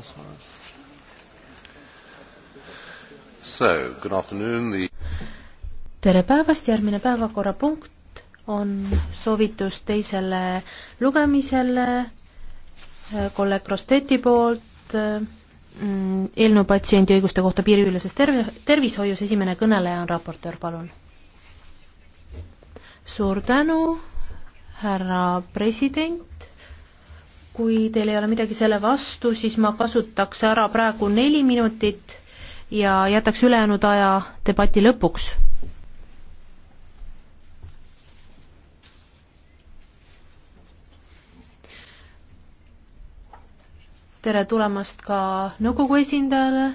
this one. So, good afternoon. The... tere päevast, järgmine päevakorrapunkt on soovitus teisele lugemisele eh, kolleeg Rosteti poolt eh, mm, eelnõu patsiendi õiguste kohta piiriüleses terve, tervishoius, esimene kõneleja on raportöör, palun. suur tänu, härra president kui teil ei ole midagi selle vastu, siis ma kasutaks ära praegu neli minutit ja jätaks ülejäänud aja debati lõpuks. tere tulemast ka nõukogu esindajale,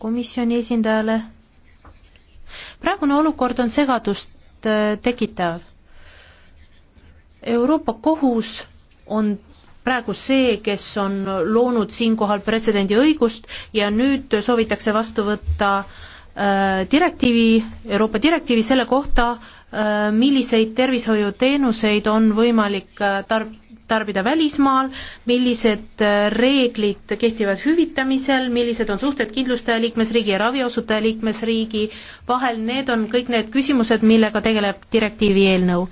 komisjoni esindajale. praegune olukord on segadust äh, tekitav. Euroopa Kohus on praegu see, kes on loonud siinkohal pretsedendi õigust ja nüüd soovitakse vastu võtta äh, direktiivi, Euroopa direktiivi selle kohta, äh, milliseid tervishoiuteenuseid on võimalik äh, tarb-, tarbida välismaal, millised reeglid kehtivad hüvitamisel, millised on suhted kindlustaja liikmesriigi ja raviosutaja liikmesriigi vahel, need on kõik need küsimused, millega tegeleb direktiivi eelnõu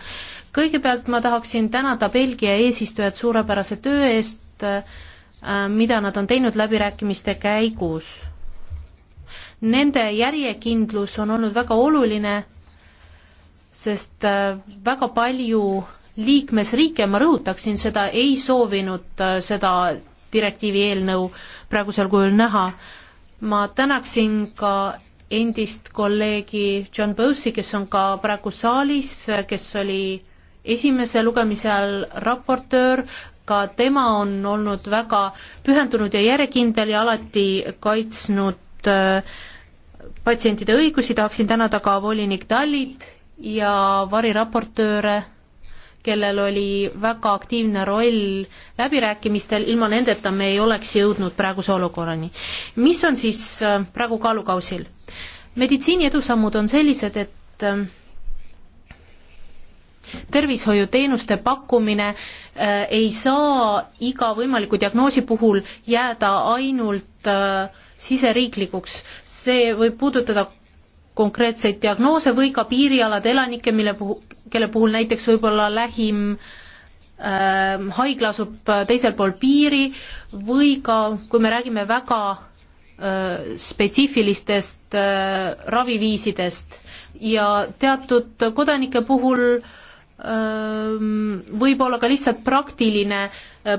kõigepealt ma tahaksin tänada Belgia eesistujat suurepärase töö eest, äh, mida nad on teinud läbirääkimiste käigus. Nende järjekindlus on olnud väga oluline, sest äh, väga palju liikmesriike, ma rõhutaksin seda, ei soovinud äh, seda direktiivi eelnõu praegusel kujul näha. ma tänaksin ka endist kolleegi John Bowsi, kes on ka praegu saalis, kes oli esimese lugemise ajal raportöör, ka tema on olnud väga pühendunud ja järjekindel ja alati kaitsnud äh, patsientide õigusi, tahaksin tänada ka volinik Tallit ja variraportööre, kellel oli väga aktiivne roll läbirääkimistel, ilma nendeta me ei oleks jõudnud praeguse olukorrani. mis on siis äh, praegu kaalukausil? meditsiini edusammud on sellised, et äh, tervishoiuteenuste pakkumine äh, ei saa iga võimaliku diagnoosi puhul jääda ainult äh, siseriiklikuks, see võib puudutada konkreetseid diagnoose või ka piirialade elanikke, mille puhul, kelle puhul näiteks võib-olla lähim äh, haigla asub äh, teisel pool piiri või ka, kui me räägime väga äh, spetsiifilistest äh, raviviisidest ja teatud kodanike puhul äh, võib-olla ka lihtsalt praktiline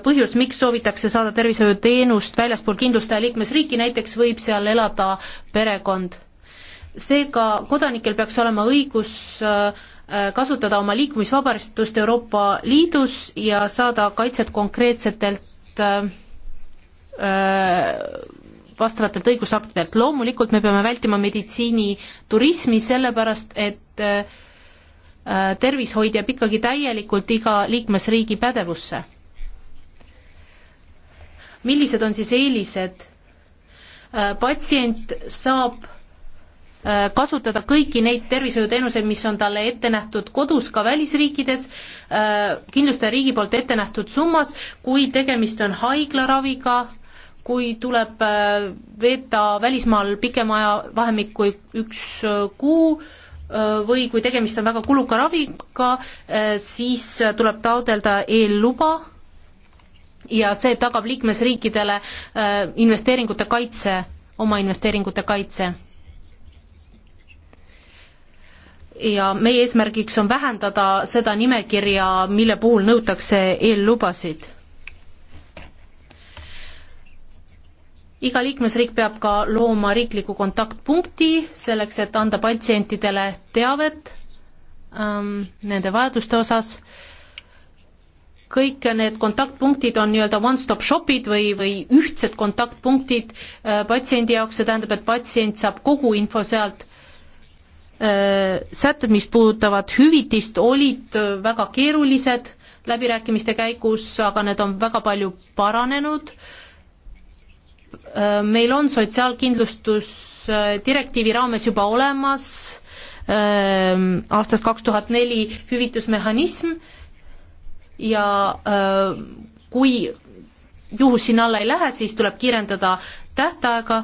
põhjus, miks soovitakse saada tervishoiuteenust väljaspool kindlustaja liikmesriiki, näiteks võib seal elada perekond. seega kodanikel peaks olema õigus kasutada oma liikumisvabaristust Euroopa Liidus ja saada kaitset konkreetsetelt vastavatelt õigusaktidelt. loomulikult me peame vältima meditsiiniturismi, sellepärast et äh, Äh, tervishoid jääb ikkagi täielikult iga liikmesriigi pädevusse. millised on siis eelised? Äh, patsient saab äh, kasutada kõiki neid tervishoiuteenuseid, mis on talle ette nähtud kodus ka välisriikides, kindlustaja riigi poolt ette nähtud summas, kui tegemist on haiglaraviga, kui tuleb veeta välismaal pikema aja vahemik kui üks kuu, või kui tegemist on väga kuluka raviga, eh, siis tuleb taodelda eelluba ja see tagab liikmesriikidele eh, investeeringute kaitse, oma investeeringute kaitse. ja meie eesmärgiks on vähendada seda nimekirja, mille puhul nõutakse eellubasid iga liikmesriik peab ka looma riikliku kontaktpunkti selleks, et anda patsientidele teavet ähm, nende vajaduste osas. kõik need kontaktpunktid on nii-öelda one-stop shopid või, või ühtsed kontaktpunktid äh, patsiendi jaoks, see tähendab, et patsient saab kogu info sealt äh,. sätted, mis puudutavad hüvitist, olid äh, väga keerulised läbirääkimiste käigus, aga need on väga palju paranenud äh, Äh, meil on sotsiaalkindlustusdirektiivi äh, raames juba olemas ähm, aastast kaks tuhat neli hüvitusmehhanism ja äh, kui juhus sinna alla ei lähe, siis tuleb kiirendada tähtaega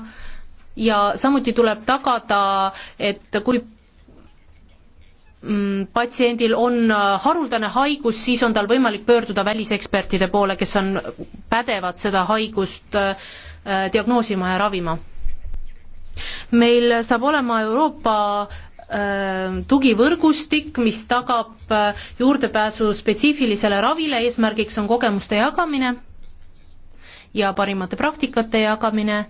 ja samuti tuleb tagada, et kui mm, patsiendil on haruldane haigus, siis on tal võimalik pöörduda välisekspertide poole, kes on pädevad seda haigust äh, Äh, diagnoosima ja ravima. meil saab olema Euroopa äh, tugivõrgustik, mis tagab äh, juurdepääsu spetsiifilisele ravile, eesmärgiks on kogemuste jagamine ja parimate praktikate jagamine.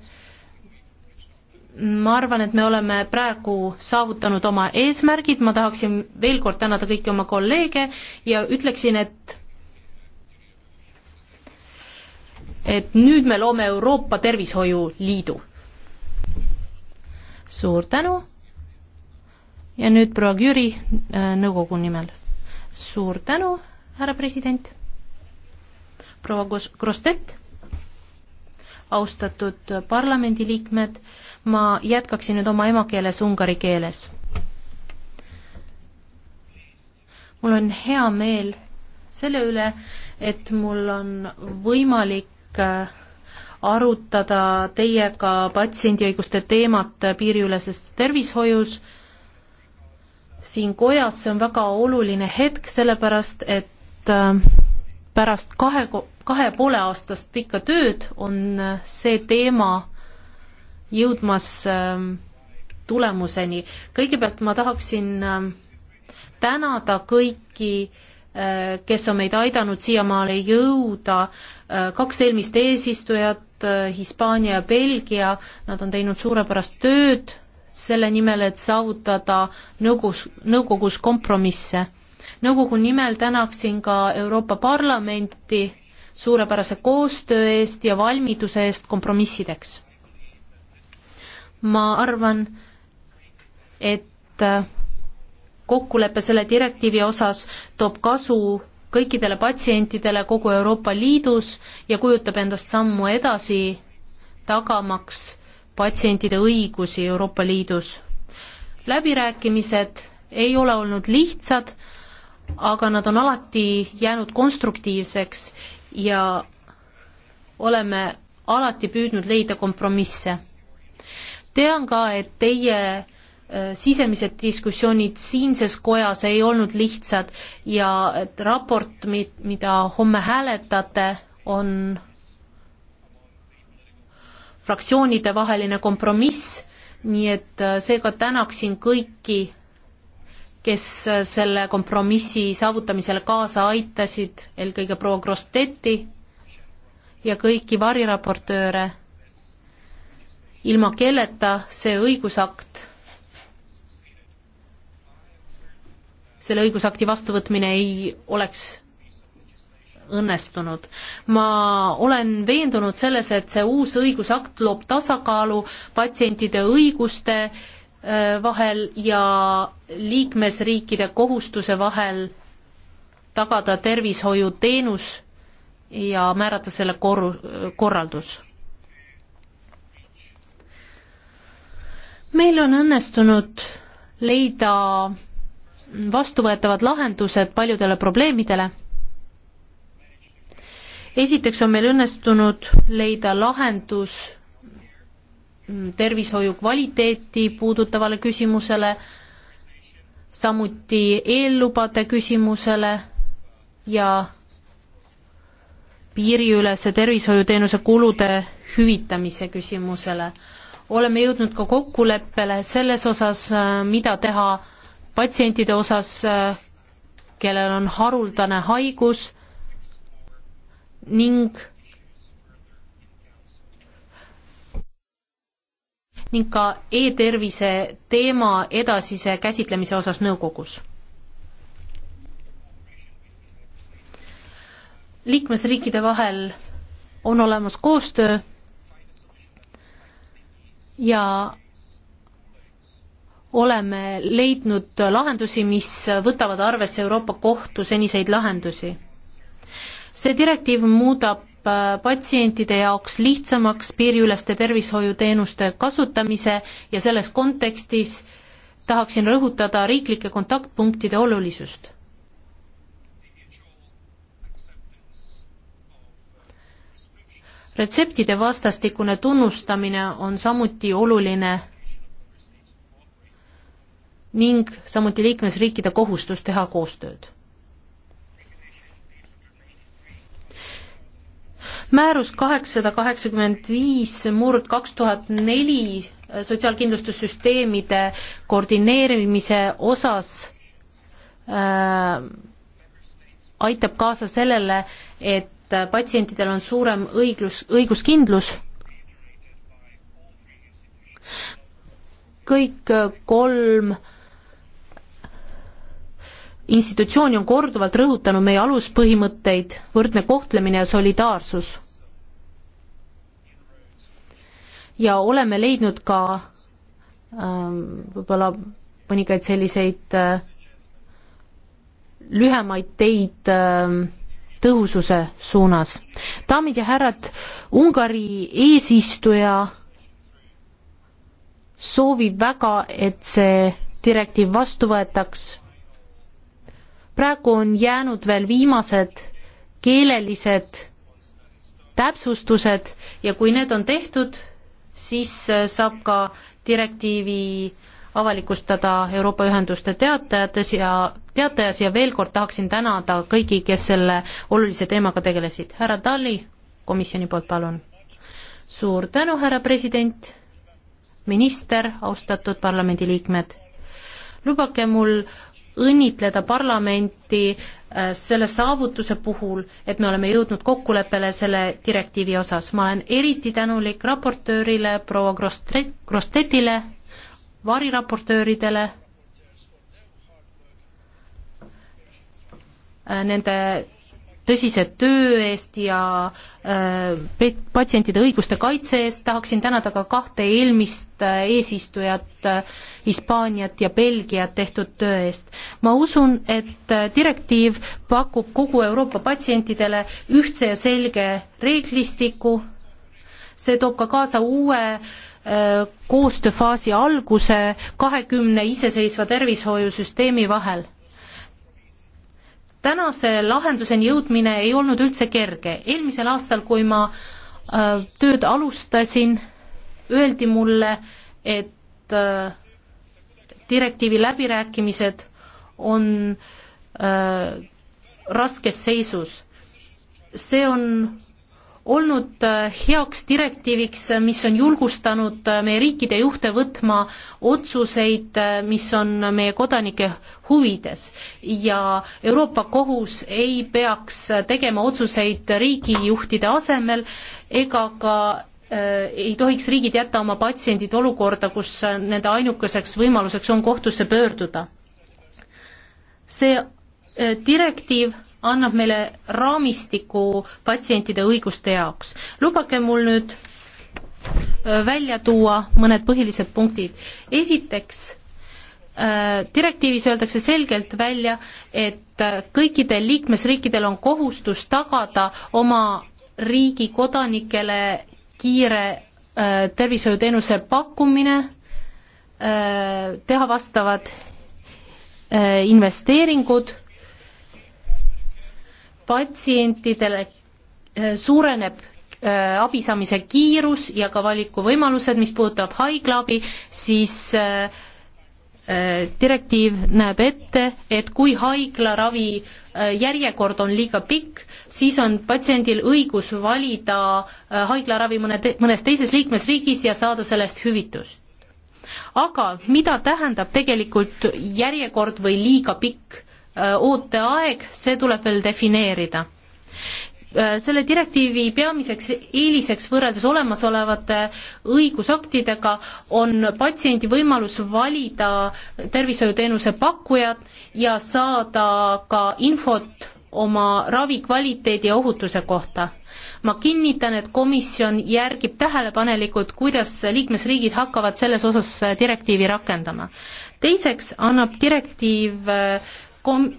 ma arvan, et me oleme praegu saavutanud oma eesmärgid, ma tahaksin veel kord tänada kõiki oma kolleege ja ütleksin, et et nüüd me loome Euroopa Tervishoiuliidu. suur tänu ja nüüd proua Jüri äh, nõukogu nimel. suur tänu, härra president, proua Krostet, austatud parlamendiliikmed, ma jätkaksin nüüd oma emakeeles ungari keeles. mul on hea meel selle üle, et mul on võimalik Äh, arutada teiega patsiendiõiguste teemat piiriüleses tervishoius siin kojas, see on väga oluline hetk, sellepärast et äh, pärast kahe, kahe poole aastast pikka tööd on äh, see teema jõudmas tulemuseni. kõigepealt ma tahaksin tänada kõiki äh, Äh, kes on meid aidanud siiamaale jõuda, äh, kaks eelmist eesistujat, äh, Hispaania ja Belgia, nad on teinud suurepärast tööd selle nimel, et saavutada nõukogus, nõukogus kompromisse. nõukogu nimel tänaksin ka Euroopa Parlamenti suurepärase koostöö eest ja valmiduse eest kompromissideks. ma arvan, et kokkulepe selle direktiivi osas toob kasu kõikidele patsientidele kogu Euroopa Liidus ja kujutab endast sammu edasi, tagamaks patsientide õigusi Euroopa Liidus. läbirääkimised ei ole olnud lihtsad, aga nad on alati jäänud konstruktiivseks ja oleme alati püüdnud leida kompromisse. tean ka, et teie Äh, sisemised diskussioonid siinses kojas ei olnud lihtsad ja et raport, mida homme hääletate, on fraktsioonide vaheline kompromiss, nii et äh, seega tänaksin kõiki, kes äh, selle kompromissi saavutamisele kaasa aitasid, eelkõige proua Grostetti ja kõiki variraportööre, ilma kelleta see õigusakt selle õigusakti vastuvõtmine ei oleks õnnestunud. ma olen veendunud selles, et see uus õigusakt loob tasakaalu patsientide õiguste äh, vahel ja liikmesriikide kohustuse vahel tagada tervishoiuteenus ja määrata selle kor-, korraldus. meil on õnnestunud leida vastuvõetavad lahendused paljudele probleemidele. esiteks on meil õnnestunud leida lahendus tervishoiu kvaliteeti puudutavale küsimusele, samuti eellubade küsimusele ja piiriülese tervishoiuteenuse kulude hüvitamise küsimusele. oleme jõudnud ka kokkuleppele selles osas, äh, mida teha patsientide osas, kellel on haruldane haigus ning ning ka e-tervise teema edasise käsitlemise osas nõukogus. liikmesriikide vahel on olemas koostöö ja oleme leidnud lahendusi, mis võtavad arvesse Euroopa Kohtu seniseid lahendusi. see direktiiv muudab äh, patsientide jaoks lihtsamaks piiriüleste tervishoiuteenuste kasutamise ja selles kontekstis tahaksin rõhutada riiklike kontaktpunktide olulisust. retseptide vastastikune tunnustamine on samuti oluline ning samuti liikmesriikide kohustus teha koostööd. määrus kaheksasada kaheksakümmend viis murd kaks tuhat neli sotsiaalkindlustussüsteemide koordineerimise osas äh, aitab kaasa sellele, et patsientidel on suurem õiglus, õiguskindlus kõik kolm äh, institutsiooni on korduvalt rõhutanud meie aluspõhimõtteid, võrdne kohtlemine ja solidaarsus. ja oleme leidnud ka ähm, võib-olla mõningaid selliseid äh, lühemaid teid äh, tõhususe suunas. daamid ja härrad, Ungari eesistuja soovib väga, et see direktiiv vastu võetaks praegu on jäänud veel viimased keelelised täpsustused ja kui need on tehtud, siis äh, saab ka direktiivi avalikustada Euroopa Ühenduste teatajates ja teatajas ja veel kord tahaksin tänada kõigi, kes selle olulise teemaga tegelesid. härra Talli, komisjoni poolt palun. suur tänu, härra president, minister, austatud parlamendiliikmed. lubage mul õnnitleda parlamenti äh, selle saavutuse puhul, et me oleme jõudnud kokkuleppele selle direktiivi osas. ma olen eriti tänulik raportöörile, proua Grostetile, variraportööridele, äh, nende tõsise töö eest ja äh, patsientide õiguste kaitse eest, tahaksin tänada ka kahte eelmist äh, eesistujat, äh, Hispaaniat ja Belgiat tehtud töö eest. ma usun, et direktiiv pakub kogu Euroopa patsientidele ühtse ja selge reeglistiku, see toob ka kaasa uue koostööfaasi alguse kahekümne iseseisva tervishoiusüsteemi vahel tänase lahenduseni jõudmine ei olnud üldse kerge. eelmisel aastal, kui ma äh, tööd alustasin, öeldi mulle, et äh, direktiivi läbirääkimised on äh, raskes seisus. see on olnud äh, heaks direktiiviks, äh, mis on julgustanud äh, meie riikide juhte võtma otsuseid, mis on meie kodanike huvides ja Euroopa Kohus ei peaks tegema otsuseid riigijuhtide asemel ega ka äh, ei tohiks riigid jätta oma patsiendid olukorda, kus nende ainukeseks võimaluseks on kohtusse pöörduda. see äh, direktiiv annab meile raamistiku patsientide õiguste jaoks. lubage mul nüüd äh, välja tuua mõned põhilised punktid. esiteks, äh, direktiivis öeldakse selgelt välja, et äh, kõikidel liikmesriikidel on kohustus tagada oma riigi kodanikele kiire tervishoiuteenuse pakkumine, teha vastavad investeeringud patsientidele äh, suureneb äh, abi saamise kiirus ja ka valikuvõimalused, mis puudutab haiglaabi, siis äh, direktiiv näeb ette, et kui haiglaravi järjekord on liiga pikk, siis on patsiendil õigus valida haiglaravi mõne te-, mõnes teises liikmesriigis ja saada sellest hüvitust. aga mida tähendab tegelikult järjekord või liiga pikk ooteaeg, äh, see tuleb veel defineerida äh, selle direktiivi peamiseks eeliseks võrreldes olemasolevate õigusaktidega on patsiendi võimalus valida tervishoiuteenuse pakkujat ja saada ka infot oma ravi kvaliteedi ja ohutuse kohta. ma kinnitan, et komisjon järgib tähelepanelikult, kuidas liikmesriigid hakkavad selles osas direktiivi rakendama. teiseks annab direktiiv äh, kom-,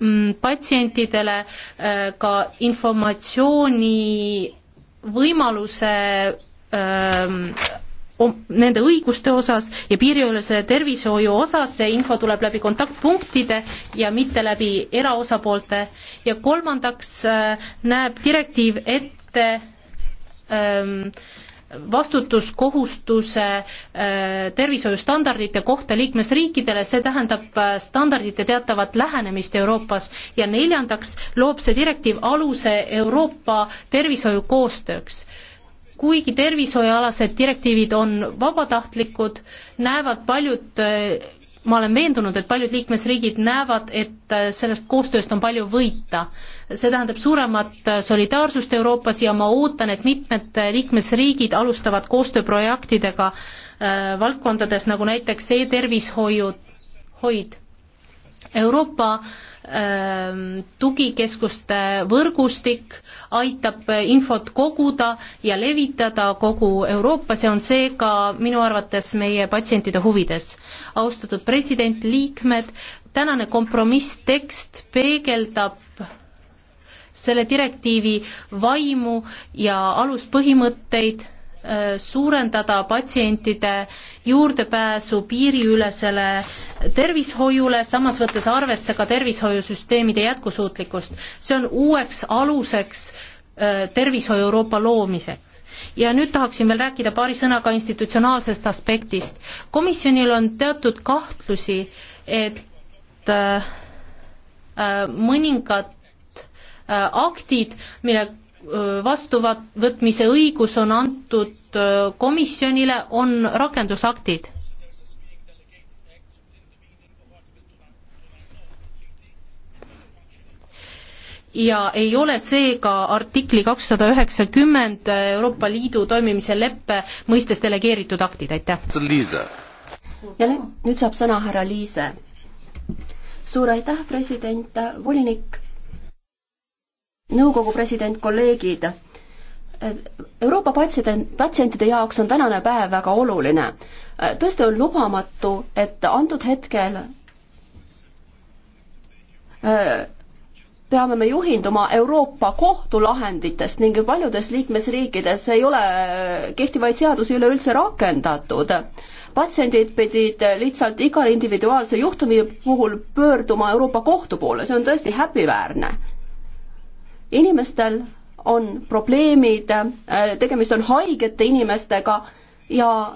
mm, patsientidele äh, ka informatsiooni võimaluse ähm, nende õiguste osas ja piiriülese tervishoiu osas, see info tuleb läbi kontaktpunktide ja mitte läbi eraosapoolte. ja kolmandaks äh, näeb direktiiv ette ähm, vastutuskohustuse äh, tervishoiustandardite kohta liikmesriikidele, see tähendab äh, standardite teatavat lähenemist Euroopas ja neljandaks loob see direktiiv aluse Euroopa tervishoiukoostööks kuigi tervishoiualased direktiivid on vabatahtlikud, näevad paljud äh, ma olen veendunud, et paljud liikmesriigid näevad, et äh, sellest koostööst on palju võita. see tähendab suuremat äh, solidaarsust Euroopas ja ma ootan, et mitmed äh, liikmesriigid alustavad koostööprojektidega äh, valdkondades, nagu näiteks e-tervishoiu, hoid. Euroopa äh, Ähm, tugikeskuste võrgustik aitab infot koguda ja levitada kogu Euroopas ja on seega minu arvates meie patsientide huvides. austatud president, liikmed, tänane kompromisstekst peegeldab selle direktiivi vaimu ja aluspõhimõtteid suurendada patsientide juurdepääsu piiriülesele tervishoiule, samas võttes arvesse ka tervishoiusüsteemide jätkusuutlikkust. see on uueks aluseks äh, tervishoiu Euroopa loomiseks. ja nüüd tahaksin veel rääkida paari sõnaga institutsionaalsest aspektist. komisjonil on teatud kahtlusi, et äh, äh, mõningad aktid, mille vastuvõtmise õigus on antud komisjonile, on rakendusaktid. ja ei ole seega artikli kakssada üheksakümmend Euroopa Liidu toimimise leppe mõistes delegeeritud aktid, aitäh. ja nüüd, nüüd saab sõna härra Liise. suur aitäh, president, volinik nõukogu president, kolleegid. Euroopa patsient, patsientide jaoks on tänane päev väga oluline. tõesti on lubamatu, et antud hetkel äh, peame me juhinduma Euroopa Kohtu lahenditest ning paljudes liikmesriikides ei ole äh, kehtivaid seadusi üleüldse rakendatud. patsiendid pidid äh, lihtsalt iga individuaalse juhtumi puhul pöörduma Euroopa Kohtu poole, see on tõesti häbiväärne inimestel on probleemid, äh, tegemist on haigete inimestega ja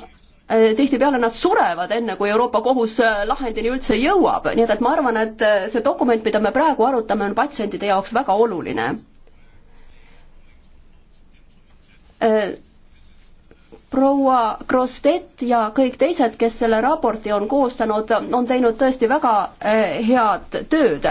äh, tihtipeale nad surevad, enne kui Euroopa Kohus äh, lahendini üldse jõuab, nii et, et ma arvan, et see dokument, mida me praegu arutame, on patsientide jaoks väga oluline proua Krostet ja kõik teised, kes selle raporti on koostanud, on teinud tõesti väga eh, head tööd.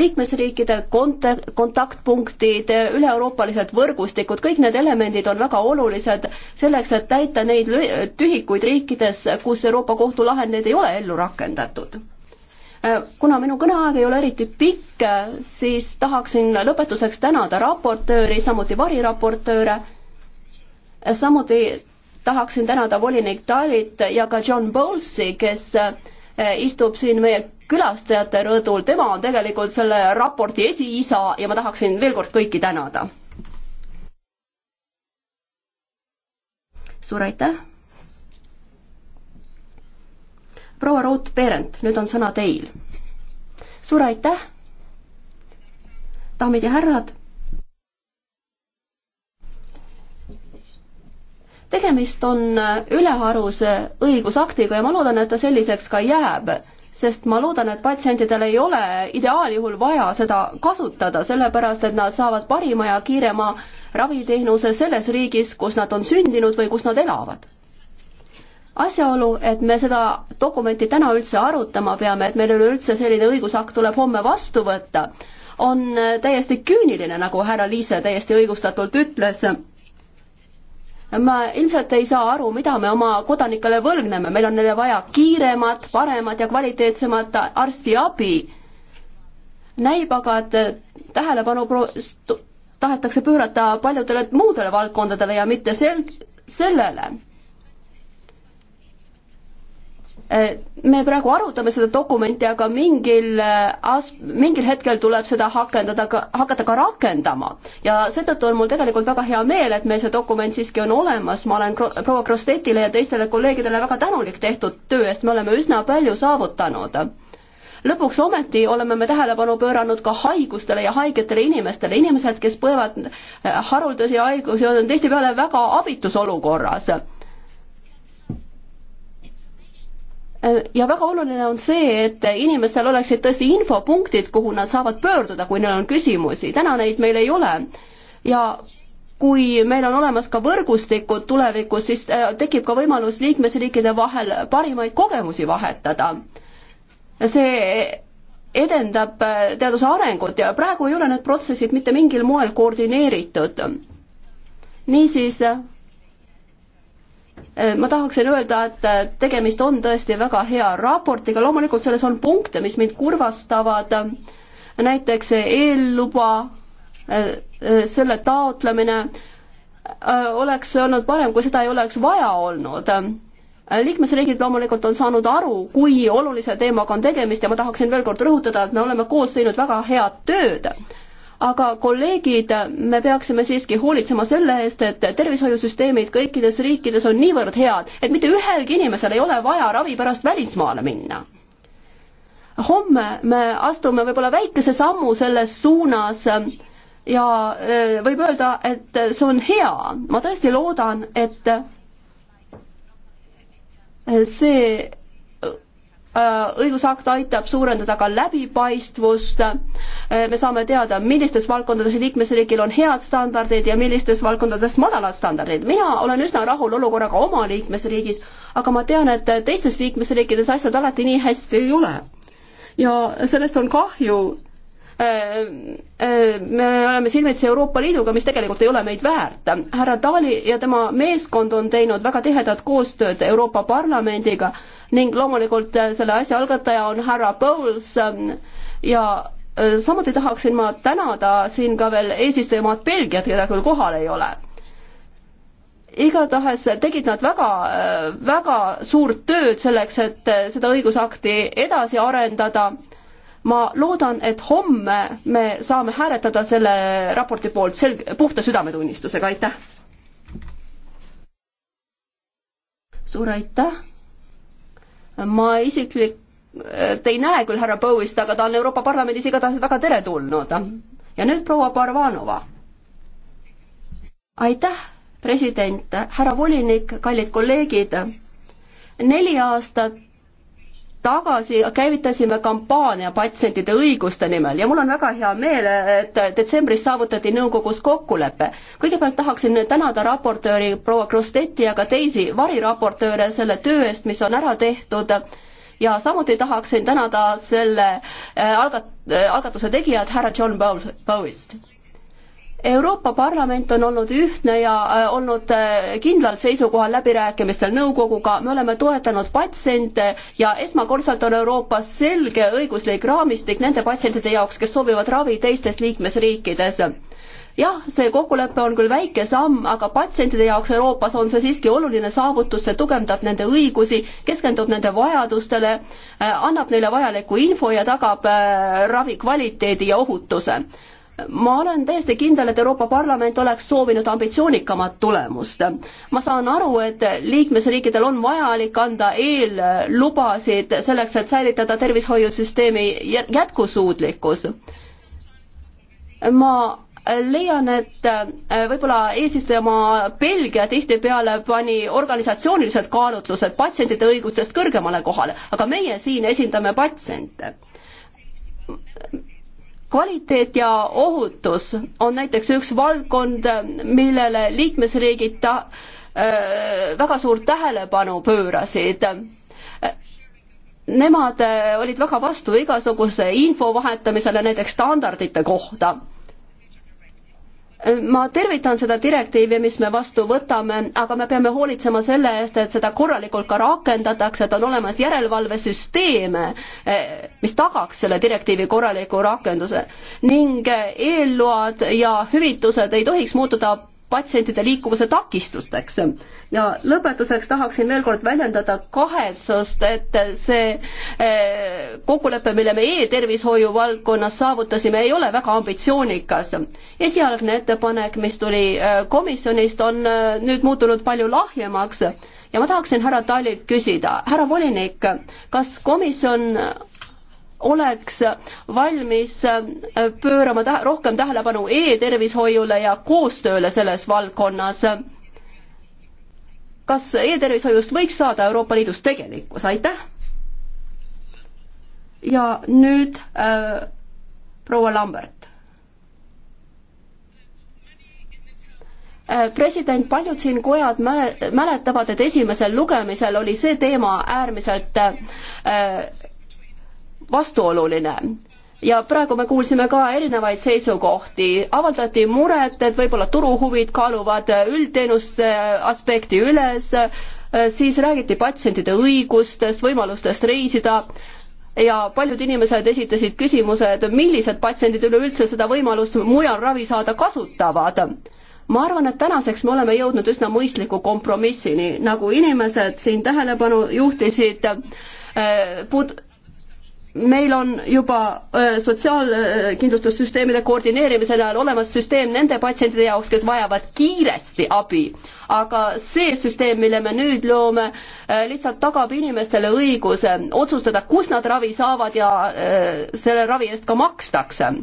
liikmesriikide kont-, kontaktpunktid, üle-euroopalised võrgustikud, kõik need elemendid on väga olulised selleks, et täita neid tühikuid riikides, kus Euroopa Kohtu lahendeid ei ole ellu rakendatud eh, kuna minu kõneaeg ei ole eriti pikk, siis tahaksin lõpetuseks tänada raportööri, samuti variraportööre, eh, samuti tahaksin tänada volinik Talit ja ka John Bowlesi, kes eh, istub siin meie külastajate rõdul, tema on tegelikult selle raporti esiisa ja ma tahaksin veel kord kõiki tänada. suur aitäh. proua Ruut Perent, nüüd on sõna teil. suur aitäh. daamid ja härrad tegemist on äh, üleharuse õigusaktiga ja ma loodan, et ta selliseks ka jääb, sest ma loodan, et patsientidel ei ole ideaaljuhul vaja seda kasutada, sellepärast et nad saavad parima ja kiirema raviteenuse selles riigis, kus nad on sündinud või kus nad elavad asjaolu, et me seda dokumenti täna üldse arutama peame, et meil üleüldse selline õigusakt tuleb homme vastu võtta, on äh, täiesti küüniline, nagu härra Liise täiesti õigustatult ütles ma ilmselt ei saa aru, mida me oma kodanikele võlgneme, meil on neile vaja kiiremat, paremat ja kvaliteetsemat arstiabi. näib aga, et tähelepanu tahetakse pöörata paljudele muudele valdkondadele ja mitte sel-, sellele Eh, me praegu arutame seda dokumenti, aga mingil eh, as-, mingil hetkel tuleb seda hakendada ka, hakata ka rakendama. ja seetõttu on mul tegelikult väga hea meel, et meil see dokument siiski on olemas, ma olen proua Krostetile ja teistele kolleegidele väga tänulik tehtud töö eest, me oleme üsna palju saavutanud lõpuks ometi oleme me tähelepanu pööranud ka haigustele ja haigetele inimestele. inimesed, kes põevad eh, haruldasi haigusi, on tihtipeale väga abitus olukorras Äh, ja väga oluline on see, et inimestel oleksid tõesti infopunktid, kuhu nad saavad pöörduda, kui neil on küsimusi, täna neid meil ei ole. ja kui meil on olemas ka võrgustikud tulevikus, siis äh, tekib ka võimalus liikmesriikide vahel parimaid kogemusi vahetada. see edendab äh, teaduse arengut ja praegu ei ole need protsessid mitte mingil moel koordineeritud. niisiis Äh, ma tahaksin öelda, et äh, tegemist on tõesti väga hea raportiga, loomulikult selles on punkte, mis mind kurvastavad, näiteks eelluba, äh, selle taotlemine, oleks olnud parem, kui seda ei oleks vaja olnud. liikmesriigid loomulikult on saanud aru, kui olulise teemaga on tegemist ja ma tahaksin veel kord rõhutada, et me oleme koos teinud väga head tööd aga kolleegid, me peaksime siiski hoolitsema selle eest, et tervishoiusüsteemid kõikides riikides on niivõrd head, et mitte ühelgi inimesel ei ole vaja ravi pärast välismaale minna. homme me astume võib-olla väikese sammu selles suunas ja e, võib öelda, et see on hea, ma tõesti loodan, et see Äh, õigusakt aitab suurendada ka läbipaistvust, äh, me saame teada, millistes valdkondades liikmesriigil on head standardid ja millistes valdkondades madalad standardid. mina olen üsna rahul olukorraga oma liikmesriigis, aga ma tean, et teistes liikmesriikides asjad alati nii hästi ei ole. ja sellest on kahju, äh, me oleme silmitsi Euroopa Liiduga, mis tegelikult ei ole meid väärt. härra Taali ja tema meeskond on teinud väga tihedat koostööd Euroopa Parlamendiga ning loomulikult äh, selle asja algataja on härra Bowles ähm, ja äh, samuti tahaksin ma tänada siin ka veel eesistujamaad Belgiat, keda küll kohal ei ole. igatahes tegid nad väga, äh, väga suurt tööd selleks, et seda õigusakti edasi arendada. ma loodan, et homme me saame hääletada selle raporti poolt selg-, puhta südametunnistusega, aitäh! suur aitäh! ma isiklik-, te ei näe küll härra Bowist, aga ta on Euroopa Parlamendis igatahes väga teretulnud. ja nüüd proua Barvanova. aitäh, president, härra volinik, kallid kolleegid. neli aastat tagasi käivitasime kampaania patsientide õiguste nimel ja mul on väga hea meel, et detsembris saavutati nõukogus kokkulepe. kõigepealt tahaksin tänada raportööri proua Krostetti ja ka teisi variraportööre selle töö eest, mis on ära tehtud ja samuti tahaksin tänada selle äh, algat-, äh, algatuse tegijat härra John Bowist. Euroopa Parlament on olnud ühtne ja äh, olnud äh, kindlal seisukohal läbirääkimistel nõukoguga, me oleme toetanud patsiente ja esmakordselt on Euroopas selge õiguslik raamistik nende patsientide jaoks, kes soovivad ravi teistes liikmesriikides jah, see kokkulepe on küll väike samm, aga patsientide jaoks Euroopas on see siiski oluline saavutus, see tugevdab nende õigusi, keskendub nende vajadustele, äh, annab neile vajalikku info ja tagab ravi kvaliteedi ja ohutuse ma olen täiesti kindel, et Euroopa Parlament oleks soovinud ambitsioonikamat tulemust. ma saan aru, et liikmesriikidel on vajalik anda eellubasid selleks, et säilitada tervishoiusüsteemi jätkusuutlikkus. ma leian, et äh, võib-olla eesistujamaa Belgia tihtipeale pani organisatsioonilised kaalutlused patsientide õigustest kõrgemale kohale, aga meie siin esindame patsiente kvaliteet ja ohutus on näiteks üks valdkond, millele liikmesriigid ta, äh, väga suurt tähelepanu pöörasid nemad äh, olid väga vastu igasuguse info vahetamisele näiteks standardite kohta ma tervitan seda direktiivi, mis me vastu võtame, aga me peame hoolitsema selle eest, et seda korralikult ka rakendatakse, et on olemas järelevalvesüsteeme, eh, mis tagaks selle direktiivi korraliku rakenduse. ning eh, eelload ja hüvitused ei tohiks muutuda patsientide liikuvuse takistusteks. ja lõpetuseks tahaksin veel kord väljendada kahetsust, et see eh, kokkulepe, mille me e-tervishoiu valdkonnas saavutasime, ei ole väga ambitsioonikas. esialgne ettepanek, mis tuli eh, komisjonist, on eh, nüüd muutunud palju lahjemaks ja ma tahaksin härra Talilt küsida, härra volinik, kas komisjon oleks valmis äh, pöörama tähe, rohkem tähelepanu e-tervishoiule ja koostööle selles valdkonnas. kas e-tervishoiust võiks saada Euroopa Liidus tegelikkus, aitäh! ja nüüd äh, proua Lambert äh,. president, paljud siin kojad mäletavad, et esimesel lugemisel oli see teema äärmiselt äh, vastuoluline ja praegu me kuulsime ka erinevaid seisukohti, avaldati muret, et võib-olla turuhuvid kaaluvad üldteenuste aspekti üles, siis räägiti patsientide õigustest, võimalustest reisida ja paljud inimesed esitasid küsimuse, et millised patsiendid üleüldse seda võimalust mujal ravi saada kasutavad. ma arvan, et tänaseks me oleme jõudnud üsna mõistliku kompromissini, nagu inimesed siin tähelepanu juhtisid, eh, put-, meil on juba äh, sotsiaalkindlustussüsteemide koordineerimise näol olemas süsteem nende patsientide jaoks, kes vajavad kiiresti abi, aga see süsteem, mille me nüüd loome, äh, lihtsalt tagab inimestele õiguse otsustada, kus nad ravi saavad ja äh, selle ravi eest ka makstakse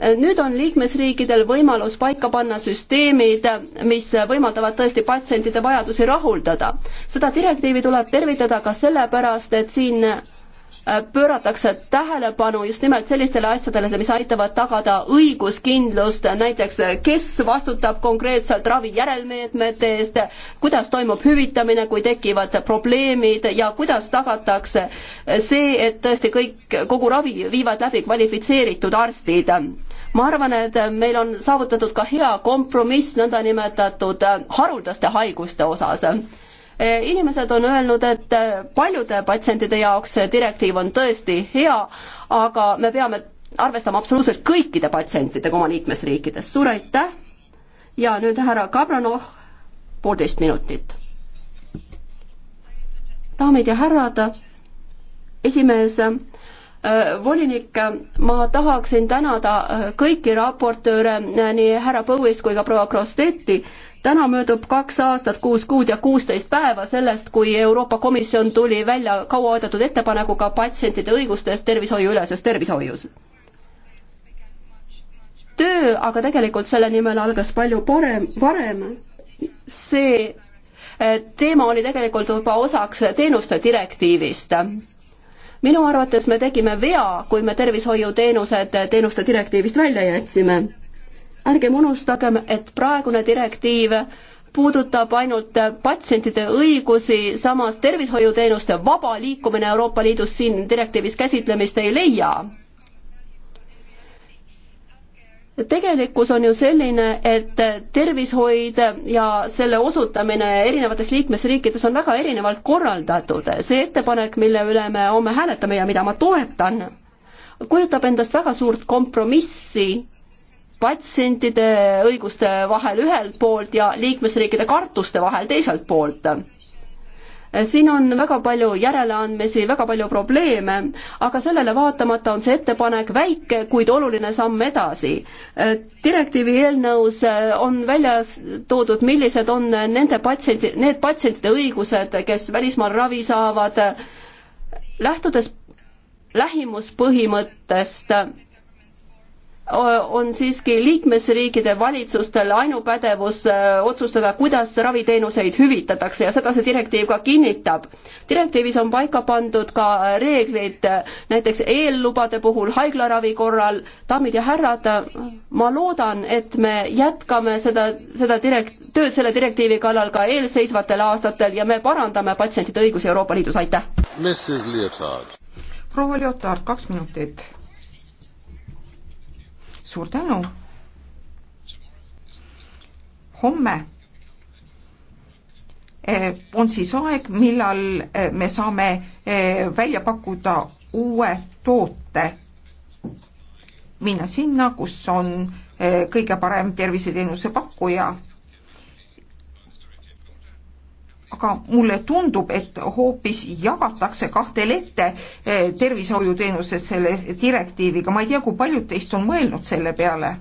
nüüd on liikmesriikidel võimalus paika panna süsteemid, mis võimaldavad tõesti patsientide vajadusi rahuldada. seda direktiivi tuleb tervitada ka sellepärast, et siin Äh, pööratakse tähelepanu just nimelt sellistele asjadele, mis aitavad tagada õiguskindlust, näiteks kes vastutab konkreetselt ravi järelmeetmete eest, kuidas toimub hüvitamine, kui tekivad probleemid ja kuidas tagatakse see, et tõesti kõik, kogu ravi viivad läbi kvalifitseeritud arstid ma arvan, et meil on saavutatud ka hea kompromiss nõndanimetatud haruldaste haiguste osas inimesed on öelnud, et paljude patsientide jaoks see direktiiv on tõesti hea, aga me peame arvestama absoluutselt kõikide patsientidega oma liikmesriikides. suur aitäh ja nüüd härra Kabranov, poolteist minutit. daamid ja härrad, esimees volinik, ma tahaksin tänada kõiki raportööre, nii härra Põuist kui ka proua Krostetti, täna möödub kaks aastat, kuus kuud ja kuusteist päeva sellest, kui Euroopa Komisjon tuli välja kauaoodatud ettepanekuga patsientide õigustest tervishoiuüleses tervishoius. töö aga tegelikult selle nimel algas palju parem, varem. see eh, teema oli tegelikult juba osaks teenuste direktiivist minu arvates me tegime vea, kui me tervishoiuteenused teenuste direktiivist välja jätsime ärgem unustagem, et praegune direktiiv puudutab ainult patsientide õigusi, samas tervishoiuteenuste vaba liikumine Euroopa Liidus siin direktiivis käsitlemist ei leia. tegelikkus on ju selline, et tervishoid ja selle osutamine erinevates liikmesriikides on väga erinevalt korraldatud. see ettepanek, mille üle me homme hääletame ja mida ma toetan, kujutab endast väga suurt kompromissi patsientide õiguste vahel ühelt poolt ja liikmesriikide kartuste vahel teiselt poolt siin on väga palju järeleandmisi, väga palju probleeme, aga sellele vaatamata on see ettepanek väike, kuid oluline samm edasi. direktiivi eelnõus on välja toodud, millised on nende patsiendi, need patsientide õigused, kes välismaal ravi saavad, lähtudes lähimuspõhimõttest on siiski liikmesriikide valitsustel ainupädevus äh, otsustada, kuidas raviteenuseid hüvitatakse ja seda see direktiiv ka kinnitab. direktiivis on paika pandud ka reeglid äh, näiteks eellubade puhul haiglaravi korral. daamid ja härrad, ma loodan, et me jätkame seda, seda direkt-, tööd selle direktiivi kallal ka eelseisvatel aastatel ja me parandame patsientide õigusi Euroopa Liidus, aitäh! proua Leotard, kaks minutit suur tänu. homme eh, on siis aeg, millal eh, me saame eh, välja pakkuda uue toote, minna sinna, kus on kõige parem terviseteenuse pakkuja aga mulle tundub, et hoopis jagatakse kahtel ette eh, tervishoiuteenused selle direktiiviga, ma ei tea, kui paljud teist on mõelnud selle peale.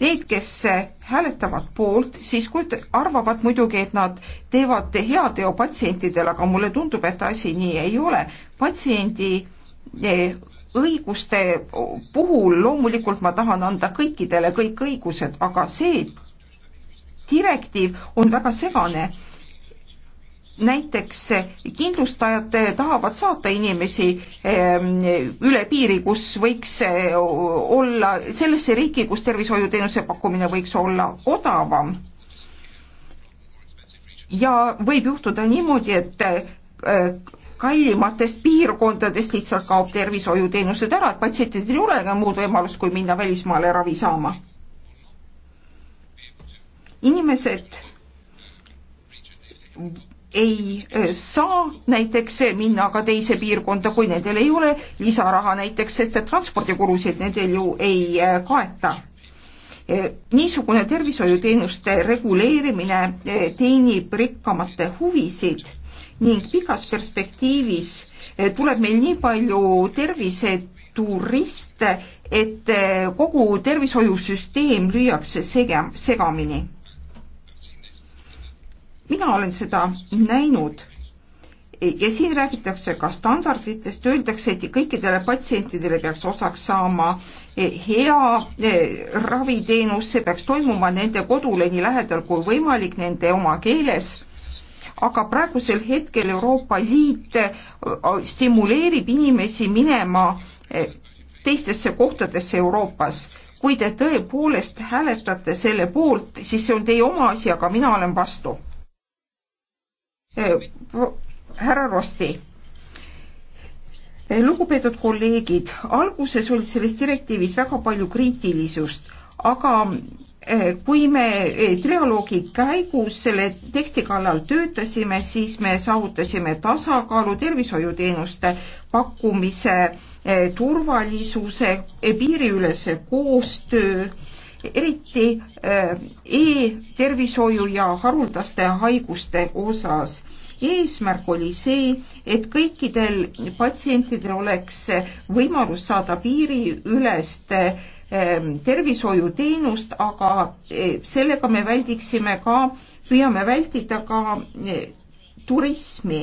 Need, kes eh, hääletavad poolt, siis kujut-, arvavad muidugi, et nad teevad heateo patsientidele, aga mulle tundub, et asi nii ei ole. patsiendi eh, õiguste puhul loomulikult ma tahan anda kõikidele kõik õigused, aga see direktiiv on väga segane näiteks eh, kindlustajad eh, tahavad saata inimesi ehm, üle piiri, kus võiks eh, olla, sellesse riiki, kus tervishoiuteenuse pakkumine võiks olla odavam. ja võib juhtuda niimoodi, et kallimatest piirkondadest lihtsalt kaob tervishoiuteenused ära, et patsientidel ei ole enam muud võimalust, kui minna välismaale ravi saama. inimesed ei äh, saa näiteks minna ka teise piirkonda, kui nendel ei ole lisaraha näiteks, sest et transpordikulusid nendel ju ei äh, kaeta. Äh, niisugune tervishoiuteenuste reguleerimine teenib rikkamate huvisid ning pikas perspektiivis tuleb meil nii palju terviseturiste, et kogu tervishoiusüsteem lüüakse sega, segamini mina olen seda näinud ja siin räägitakse ka standarditest, öeldakse, et kõikidele patsientidele peaks osaks saama hea eh, raviteenus, see peaks toimuma nende kodule nii lähedal kui võimalik nende oma keeles. aga praegusel hetkel Euroopa Liit eh, stimuleerib inimesi minema eh, teistesse kohtadesse Euroopas. kui te tõepoolest hääletate selle poolt, siis see on teie oma asi, aga mina olen vastu Äh, härra Rosti äh, lugupeetud kolleegid, alguses oli selles direktiivis väga palju kriitilisust, aga äh, kui me trialoogi käigus selle teksti kallal töötasime, siis me saavutasime tasakaalu tervishoiuteenuste pakkumise, turvalisuse, piiriülese koostöö, eriti e-tervishoiu ja haruldaste haiguste osas eesmärk oli see, et kõikidel patsientidel oleks võimalus saada piiriülest ehm, tervishoiuteenust, aga eh, sellega me väldiksime ka, püüame vältida ka eh, turismi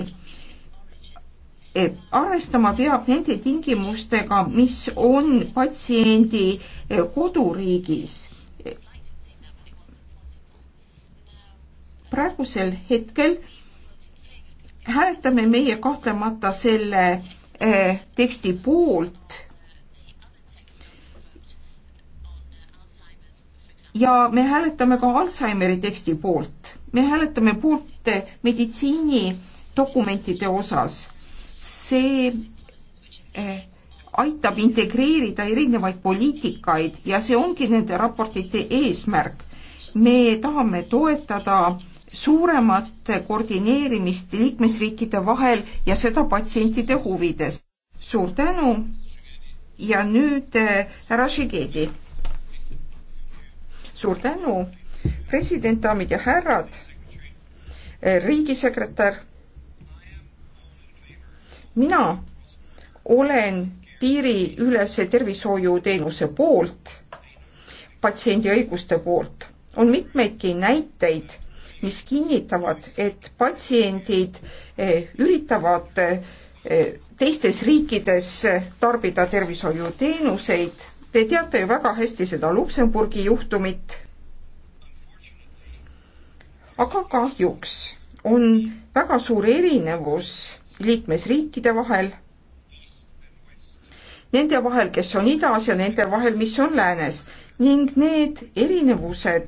eh, arvestama peab nende tingimustega, mis on patsiendi koduriigis. praegusel hetkel hääletame meie kahtlemata selle eh, teksti poolt. ja me hääletame ka Alžeimeri teksti poolt, me hääletame poolt meditsiinidokumentide osas. see eh, aitab integreerida erinevaid poliitikaid ja see ongi nende raportite eesmärk me tahame toetada suuremat koordineerimist liikmesriikide vahel ja seda patsientide huvides. suur tänu ja nüüd äh, härra Šigedi. suur tänu, president, daamid ja härrad, äh, riigisekretär. mina olen piiriülese tervishoiuteenuse poolt, patsiendi õiguste poolt on mitmeidki näiteid, mis kinnitavad, et patsiendid eh, üritavad eh, teistes riikides eh, tarbida tervishoiuteenuseid. Te teate ju väga hästi seda Luksemburgi juhtumit. aga kahjuks on väga suur erinevus liikmesriikide vahel nende vahel, kes on idas ja nende vahel, mis on läänes ning need erinevused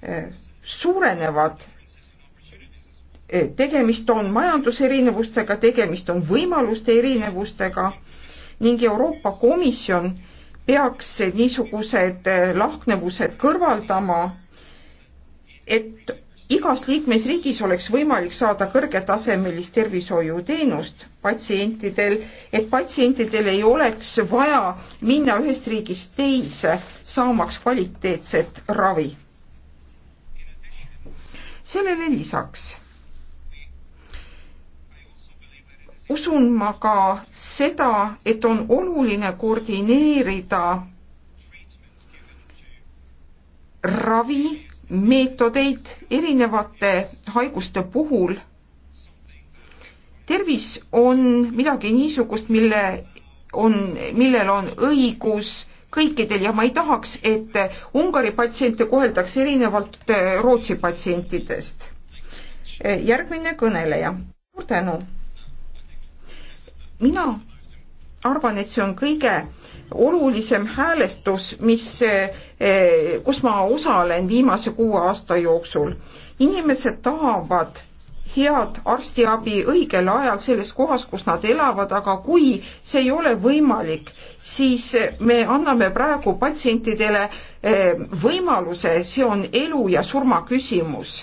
eh, suurenevad. Eh, tegemist on majanduserinevustega, tegemist on võimaluste erinevustega ning Euroopa Komisjon peaks niisugused eh, lahknevused kõrvaldama, et igas liikmesriigis oleks võimalik saada kõrgetasemelist tervishoiuteenust patsientidel, et patsientidel ei oleks vaja minna ühest riigist teise, saamaks kvaliteetset ravi. sellele lisaks usun ma ka seda, et on oluline koordineerida ravi meetodeid erinevate haiguste puhul. tervis on midagi niisugust, mille on, millel on õigus kõikidel ja ma ei tahaks, et Ungari patsiente koheldakse erinevalt äh, Rootsi patsientidest. Äh, järgmine kõneleja, suur tänu. mina arvan, et see on kõige olulisem häälestus, mis, eh, kus ma osalen viimase kuue aasta jooksul. inimesed tahavad head arstiabi õigel ajal selles kohas, kus nad elavad, aga kui see ei ole võimalik, siis me anname praegu patsientidele eh, võimaluse, see on elu ja surma küsimus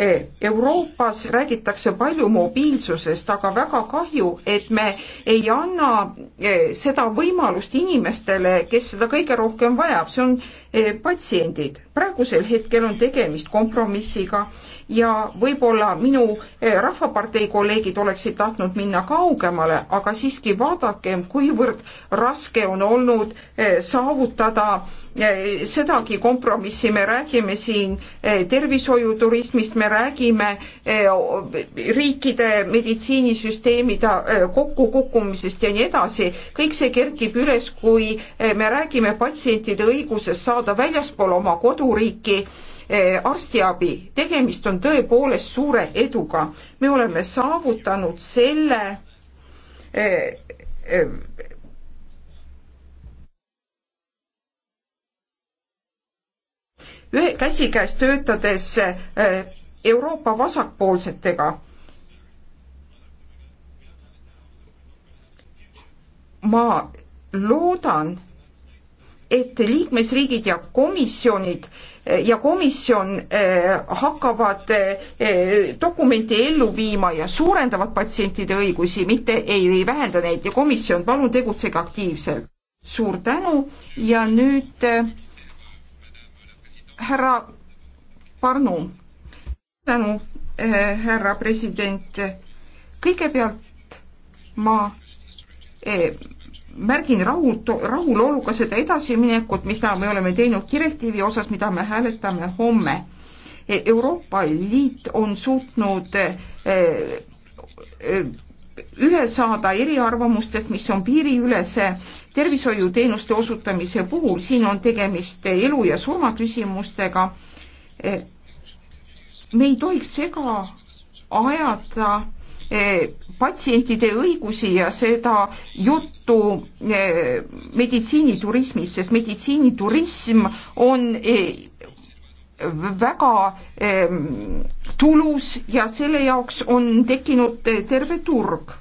E. Euroopas räägitakse palju mobiilsusest, aga väga kahju, et me ei anna e, seda võimalust inimestele, kes seda kõige rohkem vajab, see on e, patsiendid. praegusel hetkel on tegemist kompromissiga ja võib-olla minu Rahvapartei kolleegid oleksid tahtnud minna kaugemale, aga siiski vaadakem, kuivõrd raske on olnud saavutada Äh, sedagi kompromissi, me räägime siin äh, tervishoiuturismist, me räägime äh, riikide meditsiinisüsteemide kokkukukkumisest ja nii edasi. kõik see kerkib üles, kui me räägime patsientide õigusest saada väljaspool oma koduriiki arstiabi, tegemist on tõepoolest suure eduga. me oleme saavutanud selle ühe käsikäes töötades äh, Euroopa vasakpoolsetega. ma loodan, et liikmesriigid ja komisjonid äh, ja komisjon äh, hakkavad dokumenti ellu viima ja suurendavad patsientide õigusi, mitte ei, ei vähenda neid ja komisjon, palun tegutsege aktiivselt. suur tänu ja nüüd härra Parnu. tänu, eh, härra president. kõigepealt ma eh, märgin rahul, rahuloluga seda edasiminekut, mida me oleme teinud direktiivi osas, mida me hääletame homme. Euroopa Liit on suutnud eh, eh, üle saada eriarvamustest, mis on piiriülese tervishoiuteenuste osutamise puhul, siin on tegemist elu ja surma küsimustega. Eh, me ei tohiks sega ajada eh, patsientide õigusi ja seda juttu eh, meditsiiniturismist, sest meditsiiniturism on väga ehm, tulus ja selle jaoks on tekkinud terve turg.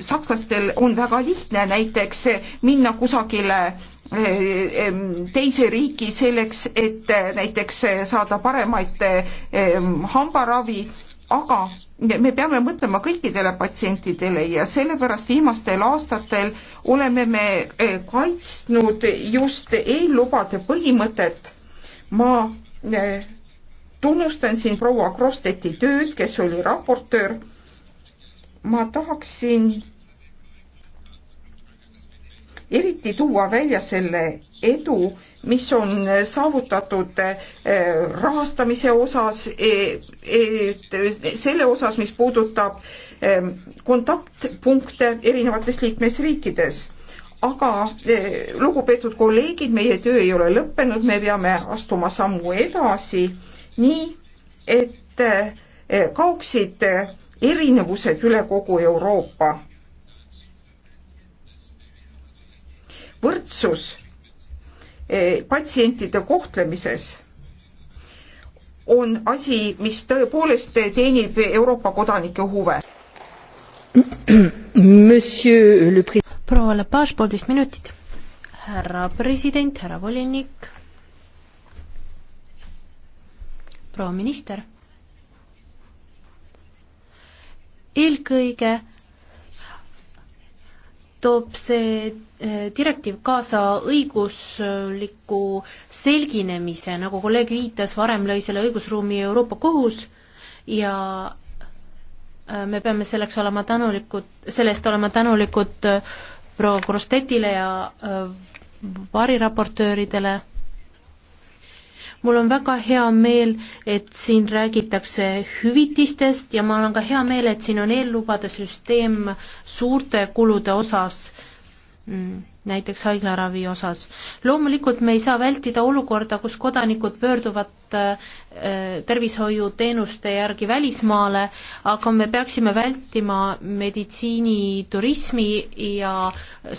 sakslastel on väga lihtne näiteks minna kusagile eh, ehm, teise riiki selleks, et eh, näiteks saada paremaid ehm, hambaravi aga me peame mõtlema kõikidele patsientidele ja sellepärast viimastel aastatel oleme me eh, kaitsnud just eellubade põhimõtet. ma eh, tunnustan siin proua Krosteti tööd, kes oli raportöör. ma tahaksin eriti tuua välja selle edu, mis on saavutatud eh, rahastamise osas, e, e, selle osas, mis puudutab eh, kontaktpunkte erinevates liikmesriikides. aga eh, lugupeetud kolleegid, meie töö ei ole lõppenud, me peame astuma sammu edasi, nii et kaoksid erinevused üle kogu Euroopa. võrdsus patsientide kohtlemises on asi, mis tõepoolest teenib Euroopa kodanike huve. proua Lepage, poolteist minutit. härra president, härra volinik, proua minister. eelkõige toob see eh, direktiiv kaasa õigusliku selginemise, nagu kolleeg viitas, varem lõi selle õigusruumi Euroopa Kohus ja eh, me peame selleks olema tänulikud, selle eest olema tänulikud eh, proua Krostetile ja variraportööridele mul on väga hea meel, et siin räägitakse hüvitistest ja mul on ka hea meel, et siin on eellubade süsteem suurte kulude osas mm, näiteks haiglaravi osas. loomulikult me ei saa vältida olukorda, kus kodanikud pöörduvad äh, tervishoiuteenuste järgi välismaale, aga me peaksime vältima meditsiiniturismi ja